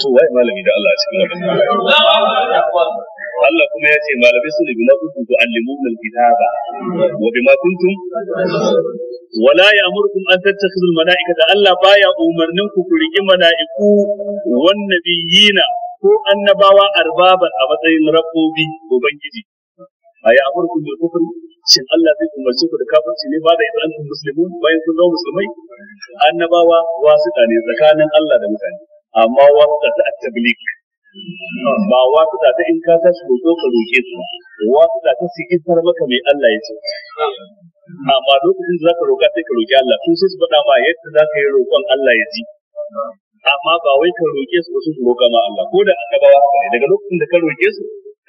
Speaker 2: to wai malami da Allah a cikin wannan Allah kuma ya ce malami su ne bima kuntum tu'allimuna al-kitaba wa bima kuntum wala ya'murukum an tattakhidhu al-mala'ikata Allah baya umarnin ku ku rigi mala'iku wan nabiyina ko annabawa arbaban a matsayin rabbobi ubangiji a ya amurku bil kufri shin Allah zai umarci ku da kafirci ne ba da idan kun musulmi bayan kun zama musulmai annabawa wasuɗa ne tsakanin Allah da mutane amma wasuɗa ta at-tabliq ba wasuɗa ta in ka tashi roƙo ka roƙe su wasuɗa ta sikitar maka mai Allah ya ce amma lokacin da zaka roƙa sai ka roƙi Allah tun sai su faɗa ma yadda zaka yi roƙon Allah ya ji amma ba wai ka roƙe su wasu su roƙa ma Allah ko da annabawa ne daga lokacin da ka roƙe su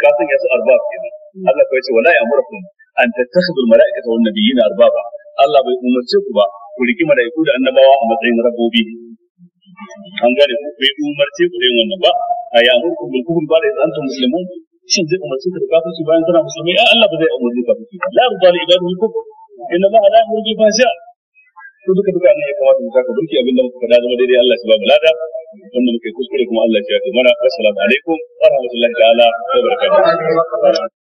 Speaker 2: kafin ya su arbab kenan hmm. Allah ko ya ce wala ya ya'murukum an tattakhidhu al-mala'ikata wan nabiyina arbaba Allah bai umarce ku ba ku riki mala'iku da annabawa a matsayin rabobi an gane ku bai umarce ku yin wannan ba a ya ya'murukum bil kufri ba da antum muslimun shin zai umarce ka da kafirci bayan kana musulmi a Allah ba zai umarce ku ba la yarda li ibadihi kufr inna ma la yurji fahsha su duka duka annan ya kamata mu saka burki abinda muka faɗa zama daidai Allah shi ba mu lada wanda muke kuskure kuma Allah shi ya kai mana
Speaker 1: assalamu alaikum wa rahmatullahi ta'ala wa barakatuh